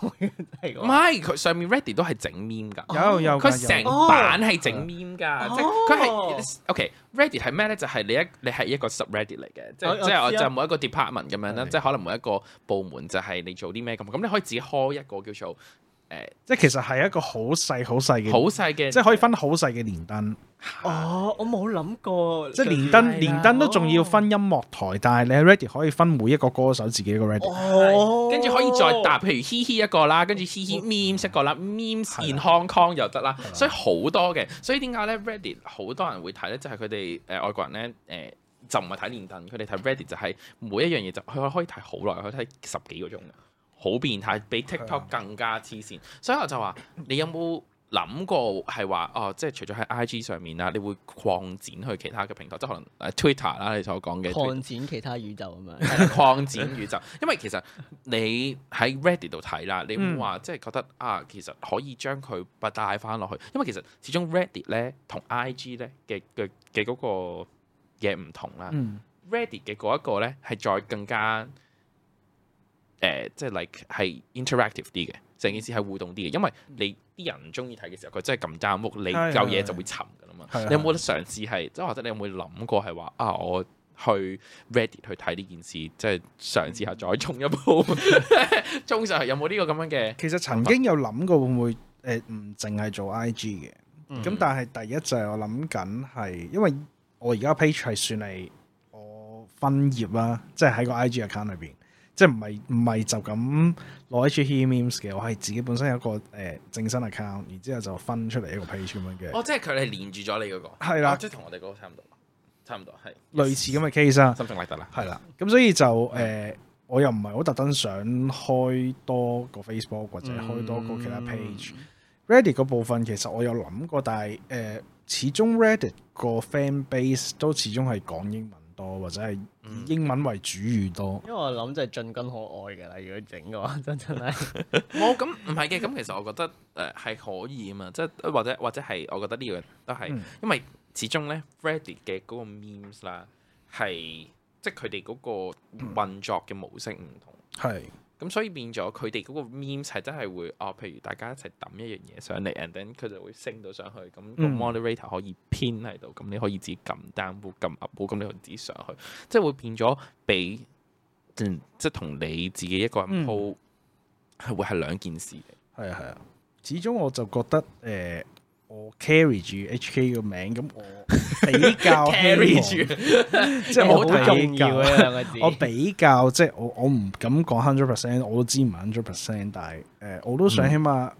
係唔係佢上面 Reddit 都係整麵㗎？有有佢成版係、哦、整麵㗎，哦、即佢係 OK，Reddit 係咩咧？就係、是、你一你係一個 subreddit 嚟嘅，哦、即係、哦、即係我就每一個 department 咁樣啦，是即係可能每一個部門就係你做啲咩咁，咁你可以自己開一個叫做。誒，即係其實係一個好細好細嘅，好細嘅，即係可以分好細嘅連登。哦，我冇諗過，即係連登連登都仲要分音樂台，哦、但係你 Reddit 可以分每一個歌手自己一個 Reddit。跟住、哦、可以再搭譬如嘻嘻一個啦，跟住嘻嘻 meme 一個啦，meme 健康康又得啦，所以好多嘅。所以點解咧 Reddit 好多人會睇咧，即係佢哋誒外國人咧誒、呃、就唔係睇連登，佢哋睇 Reddit 就係每一樣嘢就佢可以睇好耐，可以睇十幾個鐘好變態，比 TikTok 更加黐線，的所以我就話：你有冇諗過係話哦？即係除咗喺 IG 上面啊，你會擴展去其他嘅平台，即係可能 Twitter 啦，你所講嘅擴展其他宇宙咁樣， 擴展宇宙。因為其實你喺 Reddit 度睇啦，你唔會話即係覺得啊，其實可以將佢帶翻落去。因為其實始終 Reddit 咧同 IG 咧嘅嘅嘅嗰個嘢唔同啦。Reddit 嘅嗰一個咧係再更加。誒、呃、即係 like 係 interactive 啲嘅，成件事係互動啲嘅，因為你啲人唔中意睇嘅時候，佢真係撳贊喎，你有嘢就會沉㗎啦嘛。是是是，你有冇得嘗試係，即是或者你有冇諗過係話啊，我去 Reddit 去睇呢件事，即係嘗試下再衝一波，衝上 有冇呢個咁樣嘅？其實曾經有諗過會唔會誒唔淨係做 IG 嘅，咁、嗯、但係第一就係我諗緊係，因為我而家 page 係算係我分業啦，即係喺個 IG account 裏邊。即係唔係唔係就咁攞出 hehe memes 嘅，我係自己本身有一個誒、呃、正身 account，然之後就分出嚟一個 page 咁樣嘅。哦，即係佢哋係連住咗你嗰、那個。係啦的，即係同我哋嗰個差唔多，差唔多係。類似咁嘅 case 啊 like 的。something like that。係啦，咁所以就誒、呃，我又唔係好特登想開多個 Facebook 或者開多個其他 page。嗯、Reddit 個部分其實我有諗過，但係誒、呃，始終 Reddit 個 fan base 都始終係講英文多或者係。英文為主語多，因為我諗就係進軍海外嘅啦。如果整嘅話，真真係，冇咁唔係嘅。咁其實我覺得誒係、呃、可以啊嘛，即係或者或者係我覺得呢個都係，嗯、因為始終呢 Freddie 嘅嗰個 meme 啦，係即係佢哋嗰個運作嘅模式唔同，係、嗯。咁所以變咗佢哋嗰個 memes 係真係會哦，譬如大家一齊抌一樣嘢上嚟，and then 佢就會升到上去。咁個 moderator 可以 pin 喺度，咁你可以自己撳 down，會撳 up，會咁你又自己上去，即係會變咗俾、嗯，即係同你自己一個人 po 係會係兩件事。係啊係啊，始終我就覺得誒。呃我 carry 住 HK 個名，咁我比較 carry 住， 有 即係我好重要我比較， 我比較即係我我唔敢講 hundred percent，我都知唔係 hundred percent，但係誒、呃，我都想起碼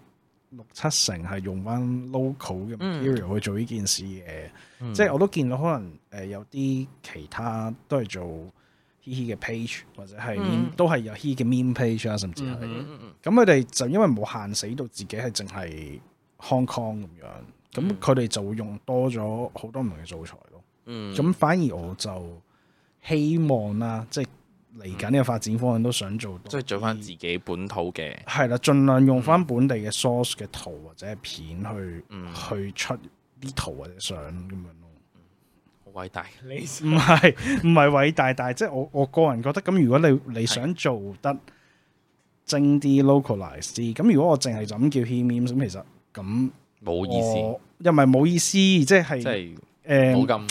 六七成係用翻 local 嘅 material 去做呢件事嘅。呃嗯、即係我都見到可能誒有啲其他都係做 hehe 嘅 page 或者係都係有 hehe 嘅 meme page 啊，甚至係咁佢哋就因為冇限死到自己係淨係。Hong Kong 咁樣，咁佢哋就會用多咗好多唔同嘅素材咯。嗯，咁反而我就希望啦，嗯、即係嚟緊呢個發展方向都想做，即係做翻自己本土嘅。係啦，盡量用翻本地嘅 source 嘅圖或者片去，嗯、去出啲圖或者相咁樣咯。好偉、嗯、大，你唔係唔係偉大，但係即係我我個人覺得，咁如果你你想做得精啲、localize 啲的，咁如果我淨係就咁叫 hehe meme 咁，其實。咁冇意思，又唔係冇意思，即係，誒，冇咁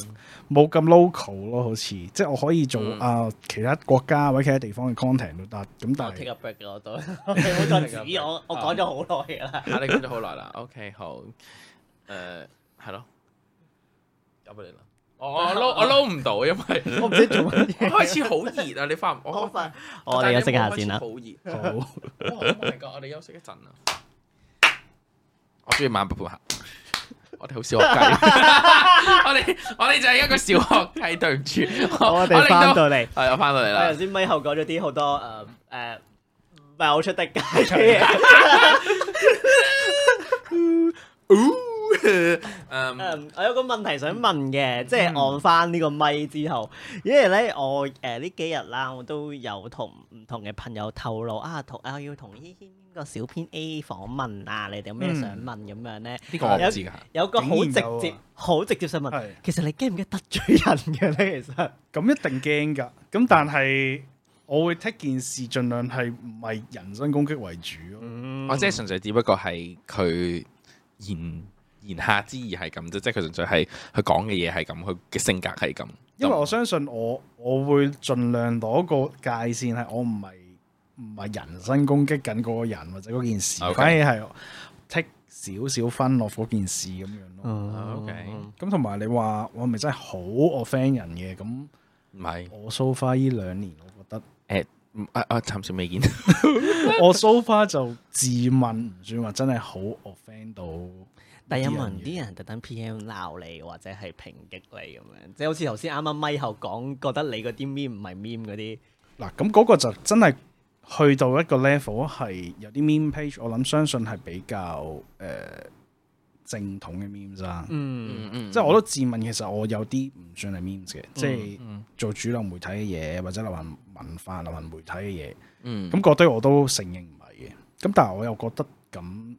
冇咁 local 咯，好似即係我可以做啊其他國家或者其他地方嘅 content 都得，咁但係 take a break 嘅我都，我再講咗好耐噶啦，你講咗好耐啦，OK 好，誒，係咯，有乜你啦？我我我 load 唔到，因為我唔知做乜嘢，開始好熱啊！你翻唔我翻，我哋休息下先啦，好，我哋休息一陣啊。中意漫步步行，我哋好小學雞，我哋我哋就係一個小學雞，對唔住，我 我翻到嚟，係 我翻到嚟啦。頭先咪後講咗啲好多誒誒，唔係好出得街誒、 um,， um, 我有個問題想問嘅，即係按翻呢個咪之後，因為咧我誒呢幾日啦，我都有同唔同嘅朋友透露啊，同我要同呢個小編 A 訪問啊，你哋有咩想問咁樣咧？呢個我知噶，有個好直接，好直接想問，其實你驚唔驚得罪人嘅咧？其實咁一定驚噶，咁但係我會睇件事盡量係唔係人身攻擊為主咯，哦、嗯，即純粹只不過係佢言。言下之意係咁啫，即係佢純粹係佢講嘅嘢係咁，佢嘅性格係咁。因為我相信我，我會盡量攞個界線係，我唔係唔係人身攻擊緊嗰個人或者嗰件事，Okay. 反而係 take 少少 fun 落嗰件事咁樣咯。Uh, OK，咁同埋你話我咪真係好 offend 人嘅咁，唔係是我 so far 呢兩年，我覺得誒，啊啊、uh, uh, uh, 暫時未見到， 我 so far 就自問唔算話真係好 offend 到。但有問啲人特登 P.M. 鬧你或者係評擊你咁樣，即係好似頭先啱啱咪後講，覺得你嗰啲 meme 唔係 meme 嗰啲。嗱，咁嗰個就真係去到一個 level 係有啲 meme page，我諗相信係比較誒、呃、正統嘅 meme 咋。嗯嗯嗯，即係我都自問，其實我有啲唔算係 meme 嘅，嗯、即係做主流媒體嘅嘢或者流行文化、流行媒體嘅嘢。嗯，咁堆、嗯、我都承認唔係嘅。咁但係我又覺得咁。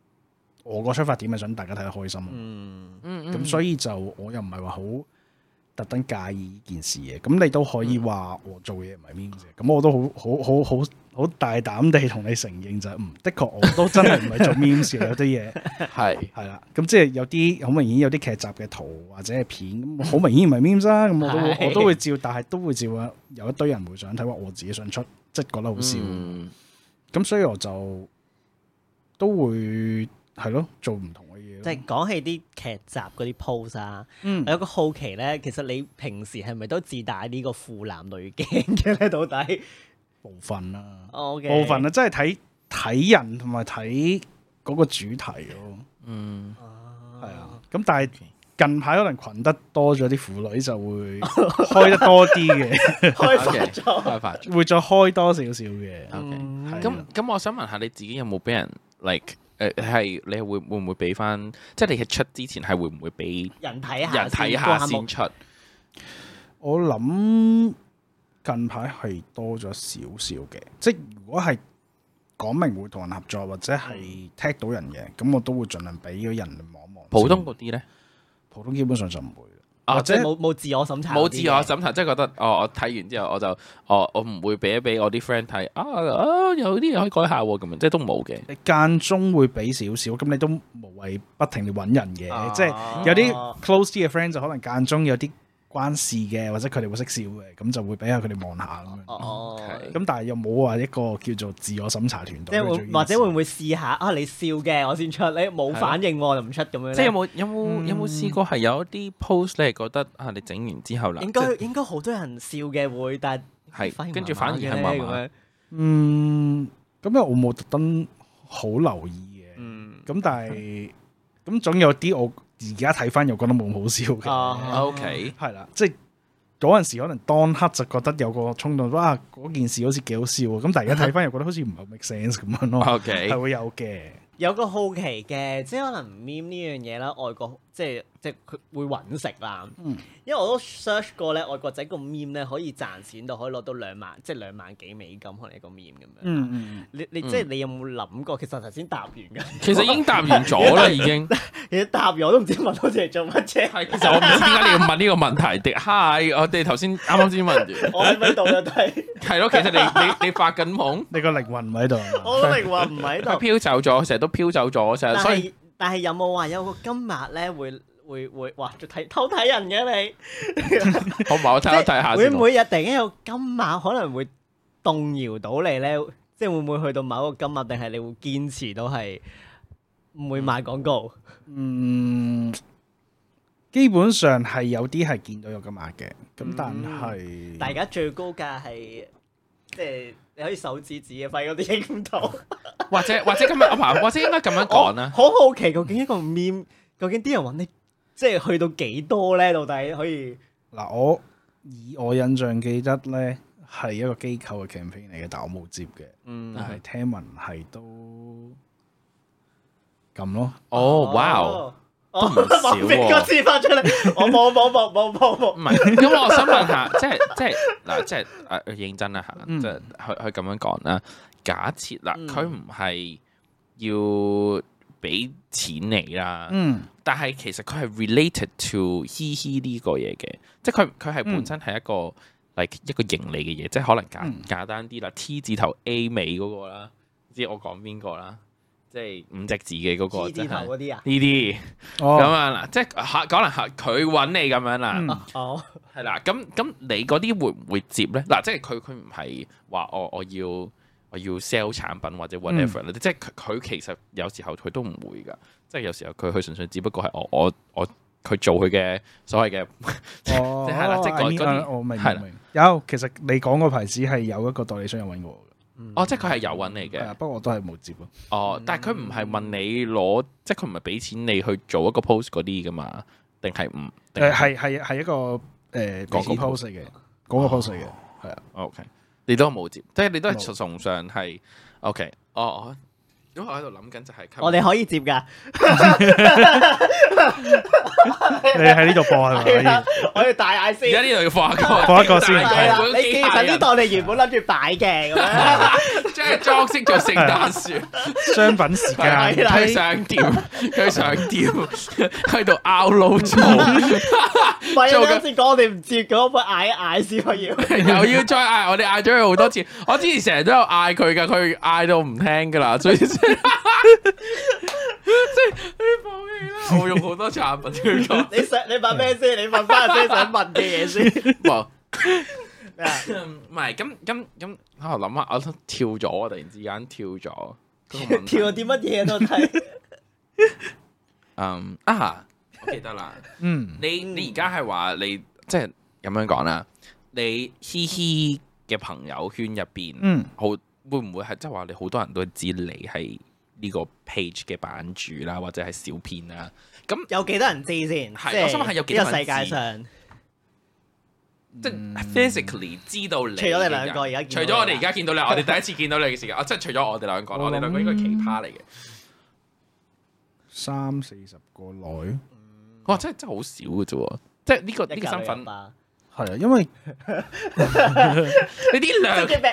我個出發點係想大家睇得開心，咁、嗯嗯、所以就我又唔係話好特登介意呢件事嘅，咁你都可以話我做嘢唔係 memes 啫，咁我都好好好好好大膽地同你承認就係，嗯，的確我都真係唔係做 memes 是有啲嘢，係係啦，咁是即係有啲好明顯有啲劇集嘅圖或者係片，咁好明顯唔係 memes 啦，咁我都我都會照，但係都會照啊，有一堆人會想睇，話我自己想出，即係覺， 是覺得好笑，咁 所以我就都會。係咯，做唔同嘅嘢，即係講起啲劇集嗰啲 pose 啊，有個好奇咧，ind, 其實你平時係咪都自帶呢個腐男女鏡嘅咧？到底部分啊，哦，okay. 部分啦，即係睇睇人同埋睇嗰個主題咯。嗯，係啊。咁但係近排可能群得多咗啲腐女，就會開得多啲嘅，嗯、 開翻咗做，會再、 okay, 開多少少嘅。咁咁、嗯，我想問下你自己有冇俾人 like？誒係你會會唔會俾翻？即係你係出之前係會唔會俾人睇下？人睇下先，下先出。我諗近排係多咗少少嘅，即係如果係講明會同人合作或者係踢到人嘅，咁我都會盡量俾咗人望一望。普通啲咧，普通基本上就唔會。哦，即係冇冇自我審查，查，冇自我審查，即係覺得，哦，哦我睇完之後，我就，哦，我唔會俾一俾我啲 friend 睇，啊、哦，啊、哦，有啲嘢可以改下，咁樣，即係都冇嘅，間中會俾少少，咁你都無謂不停地揾人嘅，啊、即係有啲 close 啲嘅 friend 就可能間中有啲。關事嘅，或者佢哋會識笑嘅，咁就會俾下佢哋望下咁樣。哦，咁但係又冇話一個叫做自我審查團隊。或者會唔會試下啊？你笑嘅我先出，你冇反應的我就唔出咁樣，即係有冇有冇，嗯，有冇試過係有一啲 post 你係覺得啊你整完之後啦。應該應該好多人笑嘅會，但係跟住反而係咁樣。嗯，咁樣我冇特登好留意嘅。嗯，咁但係咁總有啲我。而家睇翻又覺得冇好笑嘅，oh，OK，係啦，即係嗰陣時可能當刻就覺得有個衝動，哇！嗰件事好似幾好笑啊，咁大家睇翻又覺得好似唔係 make sense 咁樣咯，OK，係會有嘅，有個好奇嘅，即係可能 meme 呢樣嘢啦，外國即係即係佢會揾食啦，嗯，因為我都 search 過咧，外國仔個 meme 咧可以賺錢到可以攞到兩萬，即係兩萬幾美金可能一個 meme 咁樣，嗯嗯，嗯你你即係你有冇諗過？其實頭先答完嘅，其實已經答完咗啦， 已經。 你答我都唔知問到自己做乜啫。係， 其實我唔知點解你要問呢個問題。的嗨，我哋頭先啱啱先問完。 我喺呢度就睇、係。係咯， 其實你你你發緊夢，你個靈魂唔喺度。我靈魂唔喺度。佢飄走咗，成日都飄走咗成日。但係但係有冇話有個金額咧會會會哇偷睇人嘅你？好唔好？我睇下。會每日突然有金額可能會動搖到你咧，即係會唔會去到某一個金額，定係你會堅持到係？唔會賣廣告，嗯，基本上係有啲係見到有咁買嘅，咁但係、嗯、大家最高價係即係你可以手指指嘅，費嗰啲櫻桃，或者或者咁樣，阿者 或者應該咁樣講啦。好好奇，究竟一個 meme，究竟啲人搵你即係去到幾多咧？到底可以嗱？我以我印象記得咧，係一個機構嘅 campaign 嚟嘅。但我冇接嘅，嗯，但係聽聞係都。咁咯，oh, wow, 哦，哇、啊， 我唔出喎。我冇冇冇冇冇冇。唔係，咁 我想問下，即係即係嗱，即係誒認真啦吓，即係佢佢咁樣講啦。假設嗱，佢唔係要俾錢你啦，嗯，但係其實佢係 related to 嘻嘻呢個嘢嘅，即係佢佢係本身係一個 l i 一個盈利嘅嘢，即係可能簡簡單啲啦。T 字頭 A 尾嗰、那個啦，知我講邊個啦？即係五隻字嘅嗰個，字頭嗰啲啊，呢啲咁啊，即係可能係佢揾你咁樣啦。哦，係啦。咁咁你嗰啲會唔會接咧？嗱，即係佢佢唔係話我我要我要 sell 產品或者 whatever 咧，即係佢佢其實有時候佢都唔會噶。即係有時候佢去純粹只不過係我我我佢做佢嘅所謂嘅，即係啦，即係嗰嗰啲係啦。有，其實你講個牌子係有一個代理商有揾我。哦，即係佢係郵運嚟嘅，不過我都係冇接咯。哦，但係佢唔係問你攞，即係佢唔係俾錢你去做一個 post 嗰啲㗎嘛？定係唔？定係係係一個誒廣告、呃、post 嘅廣告 post 嘅、哦，係啊。OK，你都冇接，嗯、即係你都係崇上係有 OK。哦。咁我喺度諗緊就係，我哋可以接噶。你喺呢度播係嘛？我要大嗌先。而家呢度要放一個，放一個先。係啦，你等啲當你原本諗住擺嘅，即係裝飾做聖誕樹。商品時間，佢想吊，佢想吊，喺度拗老粗。唔係啊，今次講，我哋唔接嘅，我唔嗌一嗌先，要又要再嗌，我哋嗌咗佢好多次。我之前成日都有嗌佢噶，佢嗌到唔聽噶啦，所以。即係你放棄啦，我用好多產品添。你想，okay. um, ah, um, 你問咩先？你問翻啲想問嘅嘢先。唔係咁咁咁喺度諗下，我跳咗，突然之間跳咗，跳啲乜嘢都睇！嗯啊，我記得啦。嗯，你你而家係話你即係咁樣講啦。你嘻嘻嘅朋友圈入邊，嗯好。會唔會係即係話你好多人都知你係呢個 page 嘅版主啦，或者係小編啦？咁有幾多人知先？係我想問有幾多人知？呢個世界上即係 physically 知道你？除咗你兩個而家，除咗我哋而家見到你，我哋第一次見到你嘅時間，我即係除咗我哋兩個咯，我哋兩個應該係奇葩嚟嘅，三四十個女，哇！真係真係好少嘅啫，即係呢個呢個身份。係啊，因為你啲糧點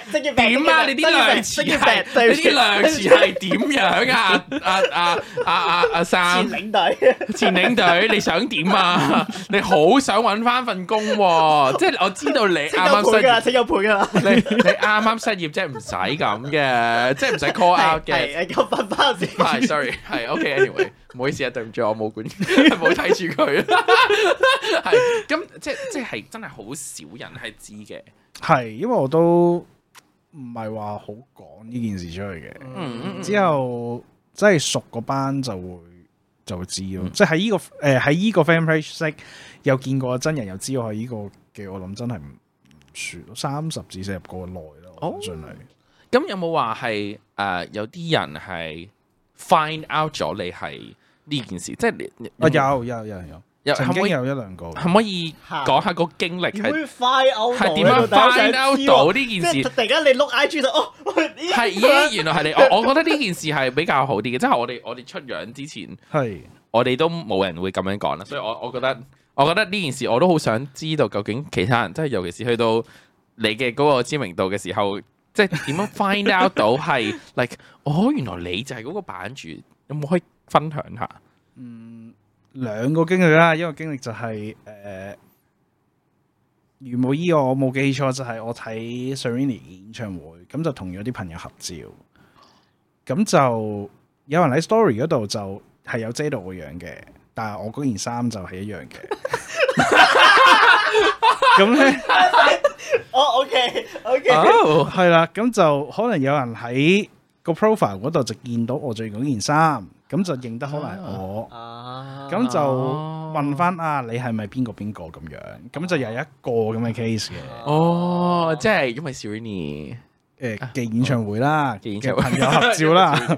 啊？你啲糧詞係你啲糧詞係點樣啊？阿阿阿阿阿生前領隊前領隊，你想點啊？你好想揾翻份工喎，即係我知道你啱啱失業，請個賠㗎啦！你你啱啱失業，即係唔使咁嘅，即係唔使 call out 嘅，係夠翻翻先。係，sorry，係，OK，anyway。唔好意思啊，對唔住，我冇管，冇睇住佢。係 咁，即係即係，真係好少人係知嘅。係，因為我都唔係話好講呢件事出去嘅。嗯嗯、之後即係熟個班就會就會知咯。嗯、即係喺呢個誒喺呢個 fan page 識，又見過真人，又知我喺呢、這個嘅。我諗真係唔算三十至四十個內咯，算係、哦。咁有冇話係誒有啲、呃、人係 find out 咗你係？呢件事，即係我有有有有，可唔可以有一兩個，可唔可以講下個經歷？係點樣 find out 到呢件事？突然間你碌 I G 度哦，係咦？原來係你。我覺得呢件事係比較好啲嘅，即係我哋我哋出樣之前，係我哋都冇人會咁樣講啦。所以我我覺得，我覺得呢件事我都好想知道，究竟其他人，即係尤其是去到你嘅嗰個知名度嘅時候，即係點樣 find out 到係 like 哦？原來你就係嗰個版主，有冇開？分享下，嗯，兩個經歷啦，一,一個經歷就係、是，誒、呃，余慕依我冇記錯就係、是、我睇 Serrini 演唱會，咁就同咗啲朋友合照，咁就有人喺 story 嗰度就係有遮到我樣嘅，但係我嗰件衫就係一樣嘅，咁咧，哦，OK，OK，係啦，咁、 oh, okay, okay, oh. 就可能有人喺。個 profile 嗰度就見到我着嗰件衫，咁就認得可能係我。咁就問翻啊，你係咪邊個邊個咁樣？咁就有一個咁嘅 case 嘅。哦，即係因為 Serenie 誒嘅演唱會啦，嘅演唱會，嘅朋友合照啦。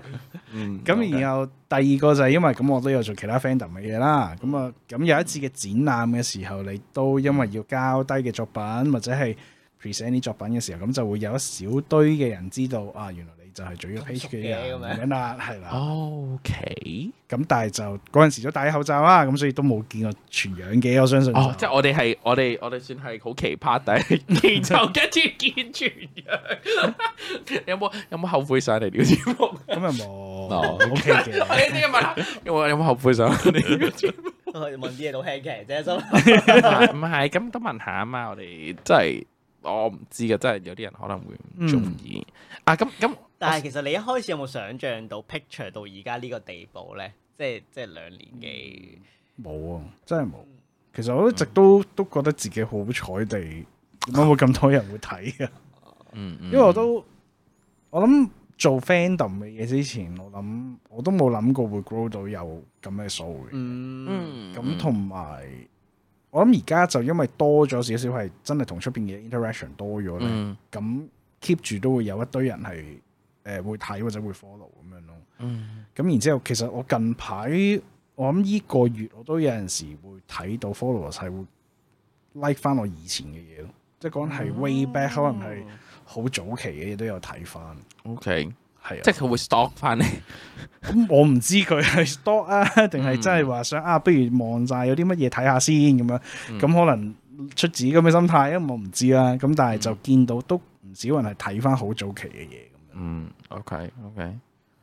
嗯，咁然後第二個就係因為咁，我都有做其他 fandom 嘅嘢啦。咁啊，咁有一次嘅展覽嘅時候，你都因為要交低嘅作品或者係 present 啲作品嘅時候，咁就會有一小堆嘅人知道啊，原來。就係做咗 PCR 咁樣啦，係啦。OK，咁但係就嗰陣時都戴口罩啦，咁所以都冇見過全樣嘅，我相信。即係我哋係我哋我哋算係好奇葩，但係未就 get 見全樣。有冇有冇後悔上嚟聊天？咁又冇。哦，呢嘅有冇後悔上？我哋問啲嘢都好奇啫，都唔係。咁都問下啊嘛，我哋真係我唔知嘅，真係有啲人可能會唔中意啊。咁咁。但係其實你一開始有冇想象到 picture 到而家呢個地步咧？即係即係兩年幾冇、嗯、啊！真係冇。其實我一直都、嗯、都覺得自己好彩地，點解會咁多人會睇啊嗯？嗯，因為我都我諗做 Fandom 嘅嘢之前，我諗我都冇諗過會 grow 到有咁嘅數嘅。嗯，咁同埋我諗而家就因為多咗少少，係真係同出邊嘅 interaction 多咗咧。咁 keep 住都會有一堆人係。誒，會睇或者會 follow 咁樣咯。嗯，咁然之後，其實我近排我諗呢個月，我都有陣時會睇到 follow 係會 like 翻我以前嘅嘢咯。嗯、即係講係 way back，可能係好早期嘅嘢都有睇翻。O K，係啊，即係佢會 stop s t o p 翻你。咁我唔知佢係 s t o p 啊，定係真係話想啊，不如望晒有啲乜嘢睇下先咁樣。咁可能出自咁嘅心態啊，因為我唔知啦。咁但係就見到都唔少人係睇翻好早期嘅嘢。嗯，OK，OK。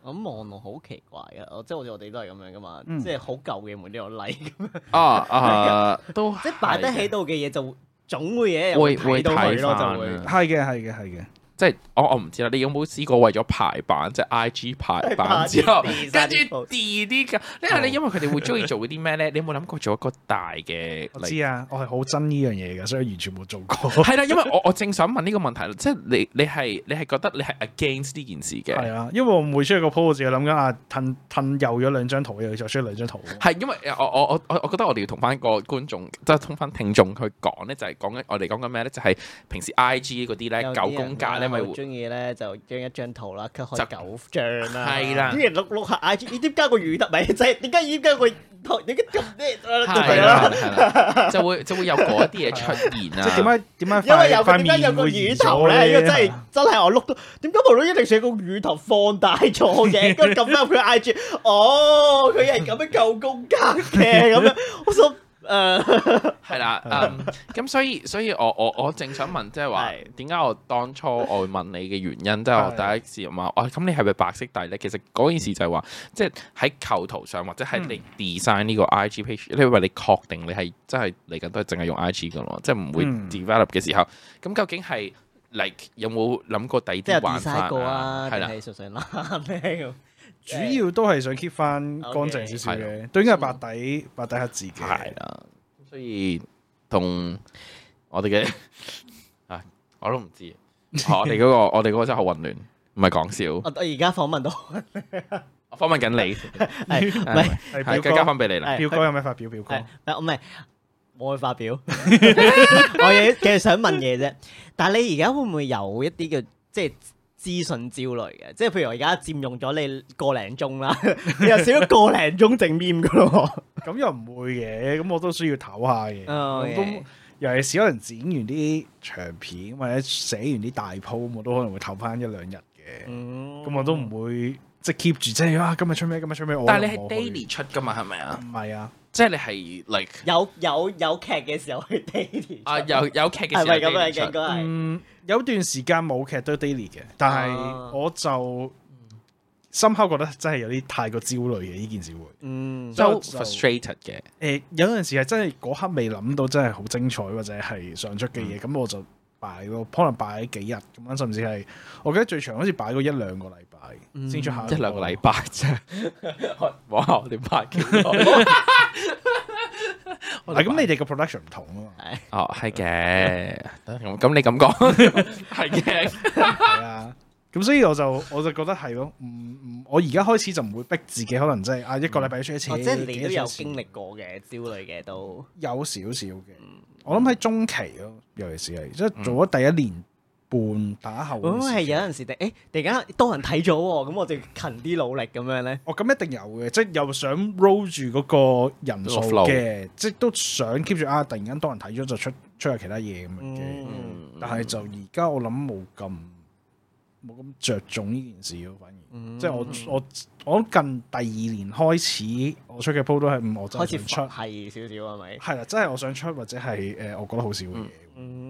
咁望落好奇怪啊，即係好似我哋都係咁樣噶嘛，嗯、即係好舊嘅門都有禮咁樣。 啊啊，都即係擺得喺度嘅嘢就的總會嘢睇到佢咯，就會係嘅，係嘅，係嘅、啊。即係我我唔知啦，你有冇試過為咗排版，即係 I G 排版之後，跟住 delete 㗎？你係你因為佢哋會中意做啲咩咧？你有冇諗過做一個大嘅？我知啊，我係好憎呢樣嘢嘅，所以完全冇做過。係啦，因為我我正想問呢個問題啦，即係你你係你係覺得你係 against 呢件事嘅？係啊，因為我唔每出一個 post，我諗緊啊，褪褪又咗兩張圖，又再出兩張圖。係因為我我我我我覺得我哋要同翻個觀眾，即係同翻聽眾去講咧，就係講緊我哋講緊咩咧？就係平時 I G 嗰啲咧，九宮格咧。咪中意咧就將一張圖啦，cut 開九張啦，啊。係啦，碌碌下 IG，點解個魚頭咪、那個、 就係點解？點解個頭？點解咁咧？係啦，係啦，就會就會有嗰啲嘢出現啦，啊。即係點解點解？為為因為有塊面有個魚頭咧、就是，真係真係我碌到點解部腦一定上個魚頭放大咗嘅？跟住撳翻佢 IG，哦，佢係咁樣夠高格嘅咁樣，我想。誒係啦，咁所以所以我我我正想問，即係話點解我當初我問你嘅原因，即係 我第一次問，我咁、 哦、你係咪白色底呢？」其實嗰件事就係話，嗯、即係喺構圖上或者係你 design 呢個 IG page、嗯、你話你確定你係真係嚟緊都係淨係用 IG 嘅咯，即係唔會 develop 嘅時候，咁、嗯、究竟係嚟，like, 有冇諗過第啲玩法啊？係啦，想想啦，咩主要都係想 keep 翻乾淨少少嘅，都應該係白底白底黑字嘅。係啦， 所以同我哋嘅、 哎、啊，我都唔知。我哋嗰個我哋個真係好混亂，唔係講笑。 我而家訪問到， 我訪問緊你，係唔係？係表哥交返俾你啦。表哥有咩發表？表哥唔係我發表， 我嘅其實想問嘢啫。但係你而家會唔會有一啲叫即係？資訊焦慮嘅，即係譬如我而家佔用咗你個零鐘啦， 又少咗個零鐘正面噶咯。咁又唔會嘅，咁我都需要唞下嘅。Oh, okay. 都尤其是可能剪完啲長片或者寫完啲大鋪，我都可能會唞翻一兩日嘅。咁、oh. 我都唔會即係 keep 住，即係哇、啊！今日出咩？今日出咩？但係你係 daily 出噶嘛？係咪啊？唔係啊。即係你係 like 有有有劇嘅時候去 daily 啊有有劇嘅時候係咪咁啊應該係有段時間冇劇都 daily 嘅，但係我就深刻覺得真係有啲太過焦慮嘅呢件事會嗯好 frustrated 嘅誒有陣時係真係嗰刻未諗到真係好精彩或者係上出嘅嘢咁我就擺咯，可能擺幾日咁樣，甚至係我記得最長好似擺過一兩個禮拜先出下一兩個禮拜啫哇！你擺幾多？嗱，咁你哋個 production 唔同啊嘛。哦，係嘅。咁、 嗯、你咁講，係 嘅。係、嗯、啊。咁、嗯 嗯、所以我就我就覺得係咯。唔唔，我而家開始就唔會逼自己，可能即係啊一個禮拜出一次、嗯嗯哦、即係你都有經歷過嘅焦慮嘅都有少少嘅。我諗喺中期咯，尤其是係即係做咗第一年。嗯半打後會會，咁係有陣時，第誒突然間多人睇咗喎，咁我哋勤啲努力咁樣咧。哦，咁一定有嘅，即係又想 roll 住嗰個人數嘅，即係都想 keep 住啊！突然間多人睇咗就，就出出下其他嘢咁樣嘅。嗯、但係就而家我諗冇咁冇咁着重呢件事咯。反而，嗯、即係我我我，我近第二年開始我，我出嘅 Po 都係唔，我開始唔出係少少係咪？係啦，真係我想出或者係誒，我覺得好少嘅嘢。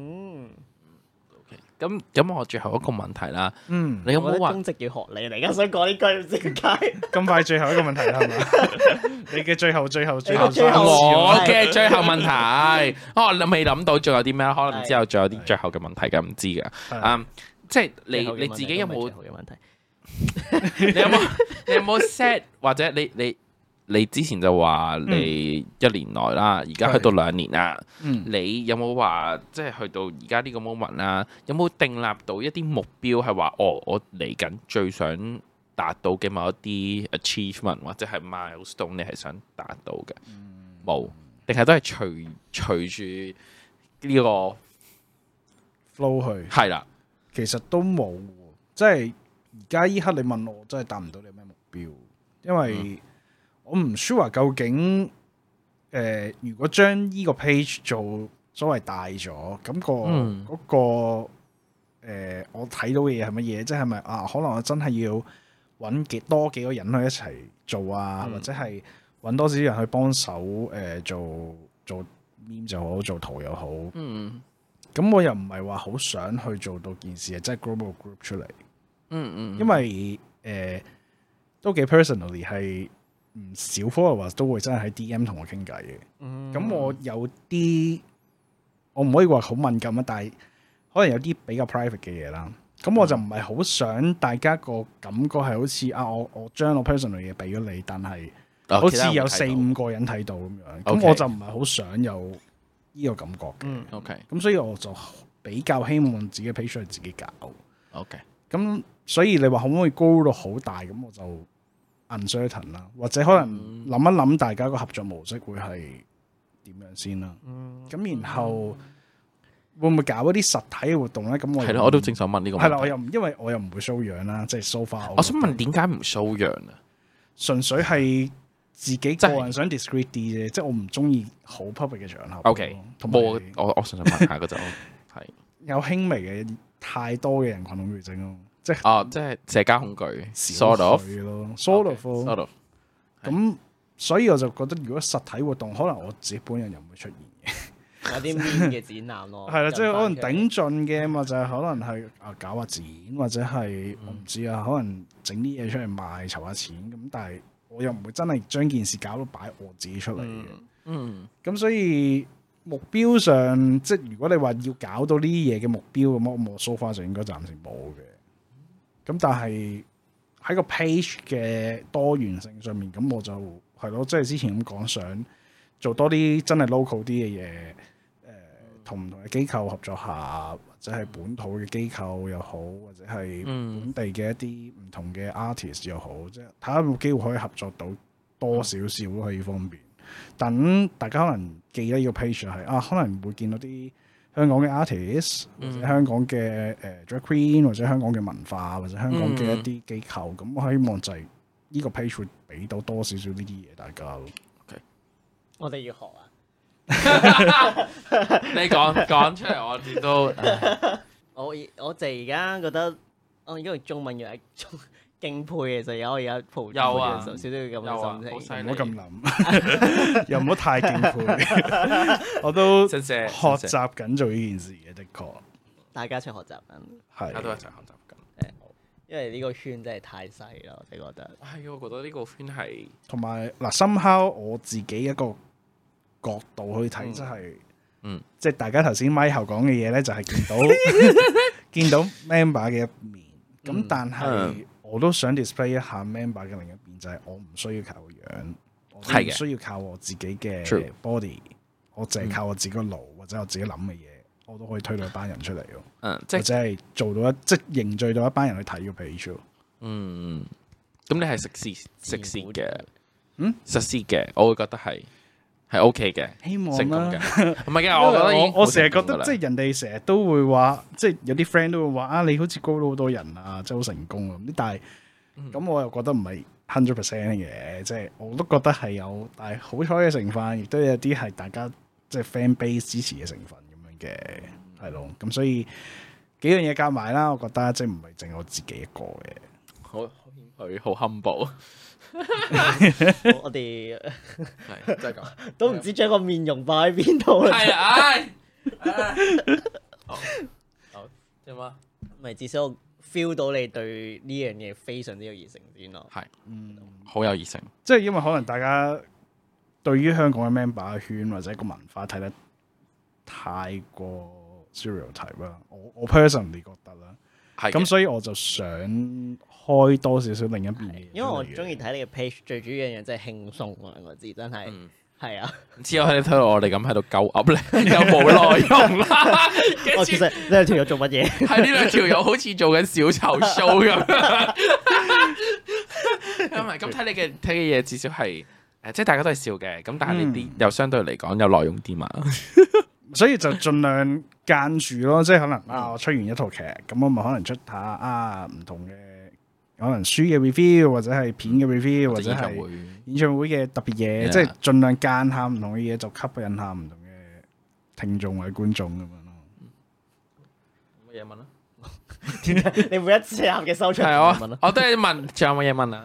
咁咁，我最後一個問題啦。嗯，你有冇話公職要學你你而家想講呢句咁快？最後一個問題啦，係咪？你嘅最後、最後、最後、最後，我嘅最後問題。 哦，你未諗到仲有啲咩？可能之後仲有啲最後嘅問題嘅，唔知噶。嗯，即係你你自己有冇？有問題？你有冇？你有冇 set？或者你你？你你之前就話你一年內啦，而家、嗯嗯、去到兩年啦，你有冇話即係去到而家呢個 moment 啦？有冇定立到一啲目標係話哦？我嚟緊最想達到嘅某一啲 achievement 或者係 milestone，你係想達到嘅？冇、嗯，定係都係隨隨住呢、呢個、嗯、的 flow 去。係啦的，其實都冇，即係而家依刻你問我，我真係達唔到你咩目標，嗯、因為。我唔 sure 話究竟，誒、呃，如果將呢個 page 做所謂大咗，咁、嗰個嗰、嗯嗰個誒、呃，我睇到嘅嘢係乜嘢？即係咪啊？可能我真係要揾幾多，多幾個人去一齊做啊，嗯、或者係揾多少少人去幫手誒，做做 meme 就好，做圖又好。嗯。咁我又唔係話好想去做到件事，即係 global group 出嚟。嗯嗯。嗯嗯、因為誒、呃，都幾 personally 係。唔少 follower 都會真係喺 DM 同我傾偈嘅，咁、嗯、我有啲我唔可以話好敏感啊，但係可能有啲比較 private 嘅嘢啦。咁我就唔係好想大家感、啊、我我個,個,想個感覺係好似啊，我我將我 personal 嘅嘢俾咗你，但係好似有四五個人睇到咁樣。咁我就唔係好想有呢個感覺嘅。OK，咁所以我就比較希望自己 picture 自己搞。OK，咁所以你話可唔可以高到好大？咁我就。Uncertain 啦，或者可能諗一諗大家個合作模式會係點樣先啦。咁然後會唔會搞一啲實體嘅活動咧？咁我係啦，我都正想問呢個。係啦，我又唔，因為我又唔會 show 樣啦，即係 so far。我想問點解唔 show 樣啊？純粹係自己個人想 discreet 啲啫，即係我唔中意好 public 嘅場合。OK，同埋我我純粹問下嘅就係有輕微嘅，太多嘅人群恐懼症咯。即係即係社交恐懼，疏離咯，疏離貨。咁所以我就覺得，如果實體活動，可能我自己本人又唔會出現嘅， 有啲面嘅展覽咯。係啦 的，即係可能頂盡嘅，嘛，就係、是、可能係啊搞下展，或者係、嗯、我唔知啊，可能整啲嘢出嚟賣，籌下錢。咁但係我又唔會真係將件事搞到擺我自己出嚟嘅、嗯。嗯，咁所以目標上，即係如果你話要搞到呢啲嘢嘅目標咁，我冇 so far 就應該暫時冇嘅。咁但係喺個 page 嘅多元性上面，咁我就係咯，即係之前咁講，想做多啲真係 local 啲嘅嘢，誒、呃、同唔同嘅機構合作下，或者係本土嘅機構又好，或者係本地嘅一啲唔同嘅 artist 又好，即係睇下有冇機會可以合作到多少少都可以方便。等大家可能記得呢個 page 係、就是、啊，可能會見到啲。香港嘅 artist，或者香港嘅誒 drag queen，或者香港嘅文化，或者香港嘅一啲機構，咁我希望就係呢個 page 會俾到多少少呢啲嘢大家。Okay，我哋要學啊！你講講出嚟，我哋都我我就而家覺得，我因為中文要係。敬佩嘅，就而家而家抱有少少咁嘅心情，唔好咁諗，又唔好太敬佩。我都學習緊做呢件事嘅。的確，大家一齊學習緊，係大家都一齊學習緊。誒，因為呢個圈真係太細咯，我覺得。係，我覺得呢個圈係同埋嗱，深敲我自己一個角度去睇，即係，嗯，即係大家頭先 Michael 講嘅嘢咧，就係見到見到 member 嘅一面，咁但係。我都想 display 一下 member 嘅另一邊，就係、是、我唔需要靠樣，我唔需要靠我自己嘅 body，我淨係靠我自己個腦或者我自己諗嘅嘢，嗯、我都可以推到一班人出嚟咯。嗯，即係做到一即係凝聚到一班人去睇個 page，嗯，咁你係食線食線嘅，思思嗯，食線嘅，我會覺得係。係 OK 嘅，希望啦，唔係嘅， 因為我我成我成日覺得，即係人哋成日都會話，即係有啲 friend 都會話啊，你好似高咗好多人啊，即係好成功啊，咁但係，咁，嗯，我又覺得唔係 hundred percent 嘅，即係我都覺得係有，但係好彩嘅成分，亦都有啲係大家即係 friend base 支持嘅成分咁樣嘅，係咯，嗯，咁所以幾樣嘢夾埋啦，我覺得即係唔係淨我自己一個嘅，好佢好 humble。 我哋係真係咁，都唔知將個面容擺喺邊度啦。係，唉，好點啊？咪至少我 feel 到你對呢樣嘢非常之有熱誠啲咯。係，嗯，好有熱誠。即係因為可能大家對於香港嘅 member 圈或者個文化睇得太過 stereotype 啦。我我 personally 覺得啦，係咁，所以我就想。開多少少另一邊嘅，因為我中意睇你嘅 page，最主要一樣嘢即係輕鬆啊！嗯 e, 我知真係，係啊。之後你睇到我哋咁喺度鳩噏又冇內容啦。其實呢兩條友做乜嘢？係呢兩條友好似做緊小丑 show 咁。因為咁睇你嘅睇嘅嘢，至少係誒，即係大家都係笑嘅。咁但係呢啲又相對嚟講有內容啲嘛，所以就盡量間住咯。即係可能啊,啊，我出完一套劇，咁我咪可能出下啊唔同嘅。可能書嘅 review 或者係片嘅 review 或者係演唱會嘅特別嘢，Yeah. 即係盡量間下唔同嘅嘢，就吸引下唔同嘅聽眾或者觀眾咁樣咯。乜嘢問啊？你每一次集嘅收場，我都問，仲有冇嘢問啊？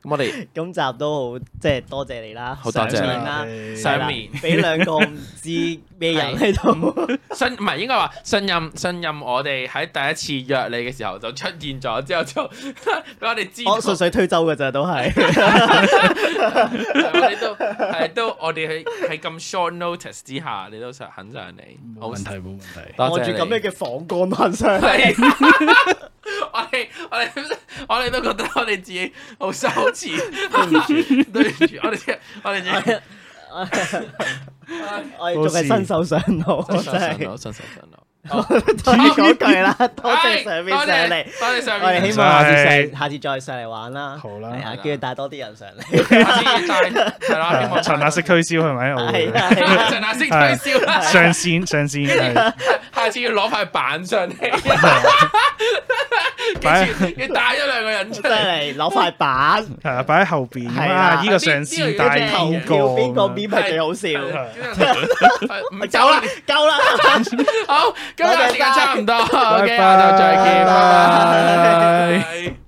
咁我哋今集都好，即係多謝你啦，好多謝啦，上面俾兩個唔知咩人喺度信，唔係應該話信任，信任我哋喺第一次約你嘅時候就出現咗，之後就我哋知我順水推舟嘅咋，都係我哋都係都我哋喺喺咁 short notice 之下，你都想肯上嚟，冇問題冇問題，望住我住咁樣嘅房幹肯上嚟。 我哋我哋我哋都覺得我哋自己好羞恥。 對唔住，對唔住，我哋我哋我哋仲係新手上路，新手上路，新手上路，真係。多咗句啦，多謝上面上嚟，我哋希望下次上，下次再上嚟玩啦。好啦，係啊，叫你帶多啲人上嚟。下次要帶，係咯。趁下識推銷係咪？我會趁下識推銷啦。上線上線，下次要攞塊板上嚟。你帶咗兩個人出嚟攞塊板，係啊，擺喺後邊，係啊，呢個上司投票邊個編排最好笑，唔夠啦，夠啦，好，今日時間差唔多拜拜，就再見。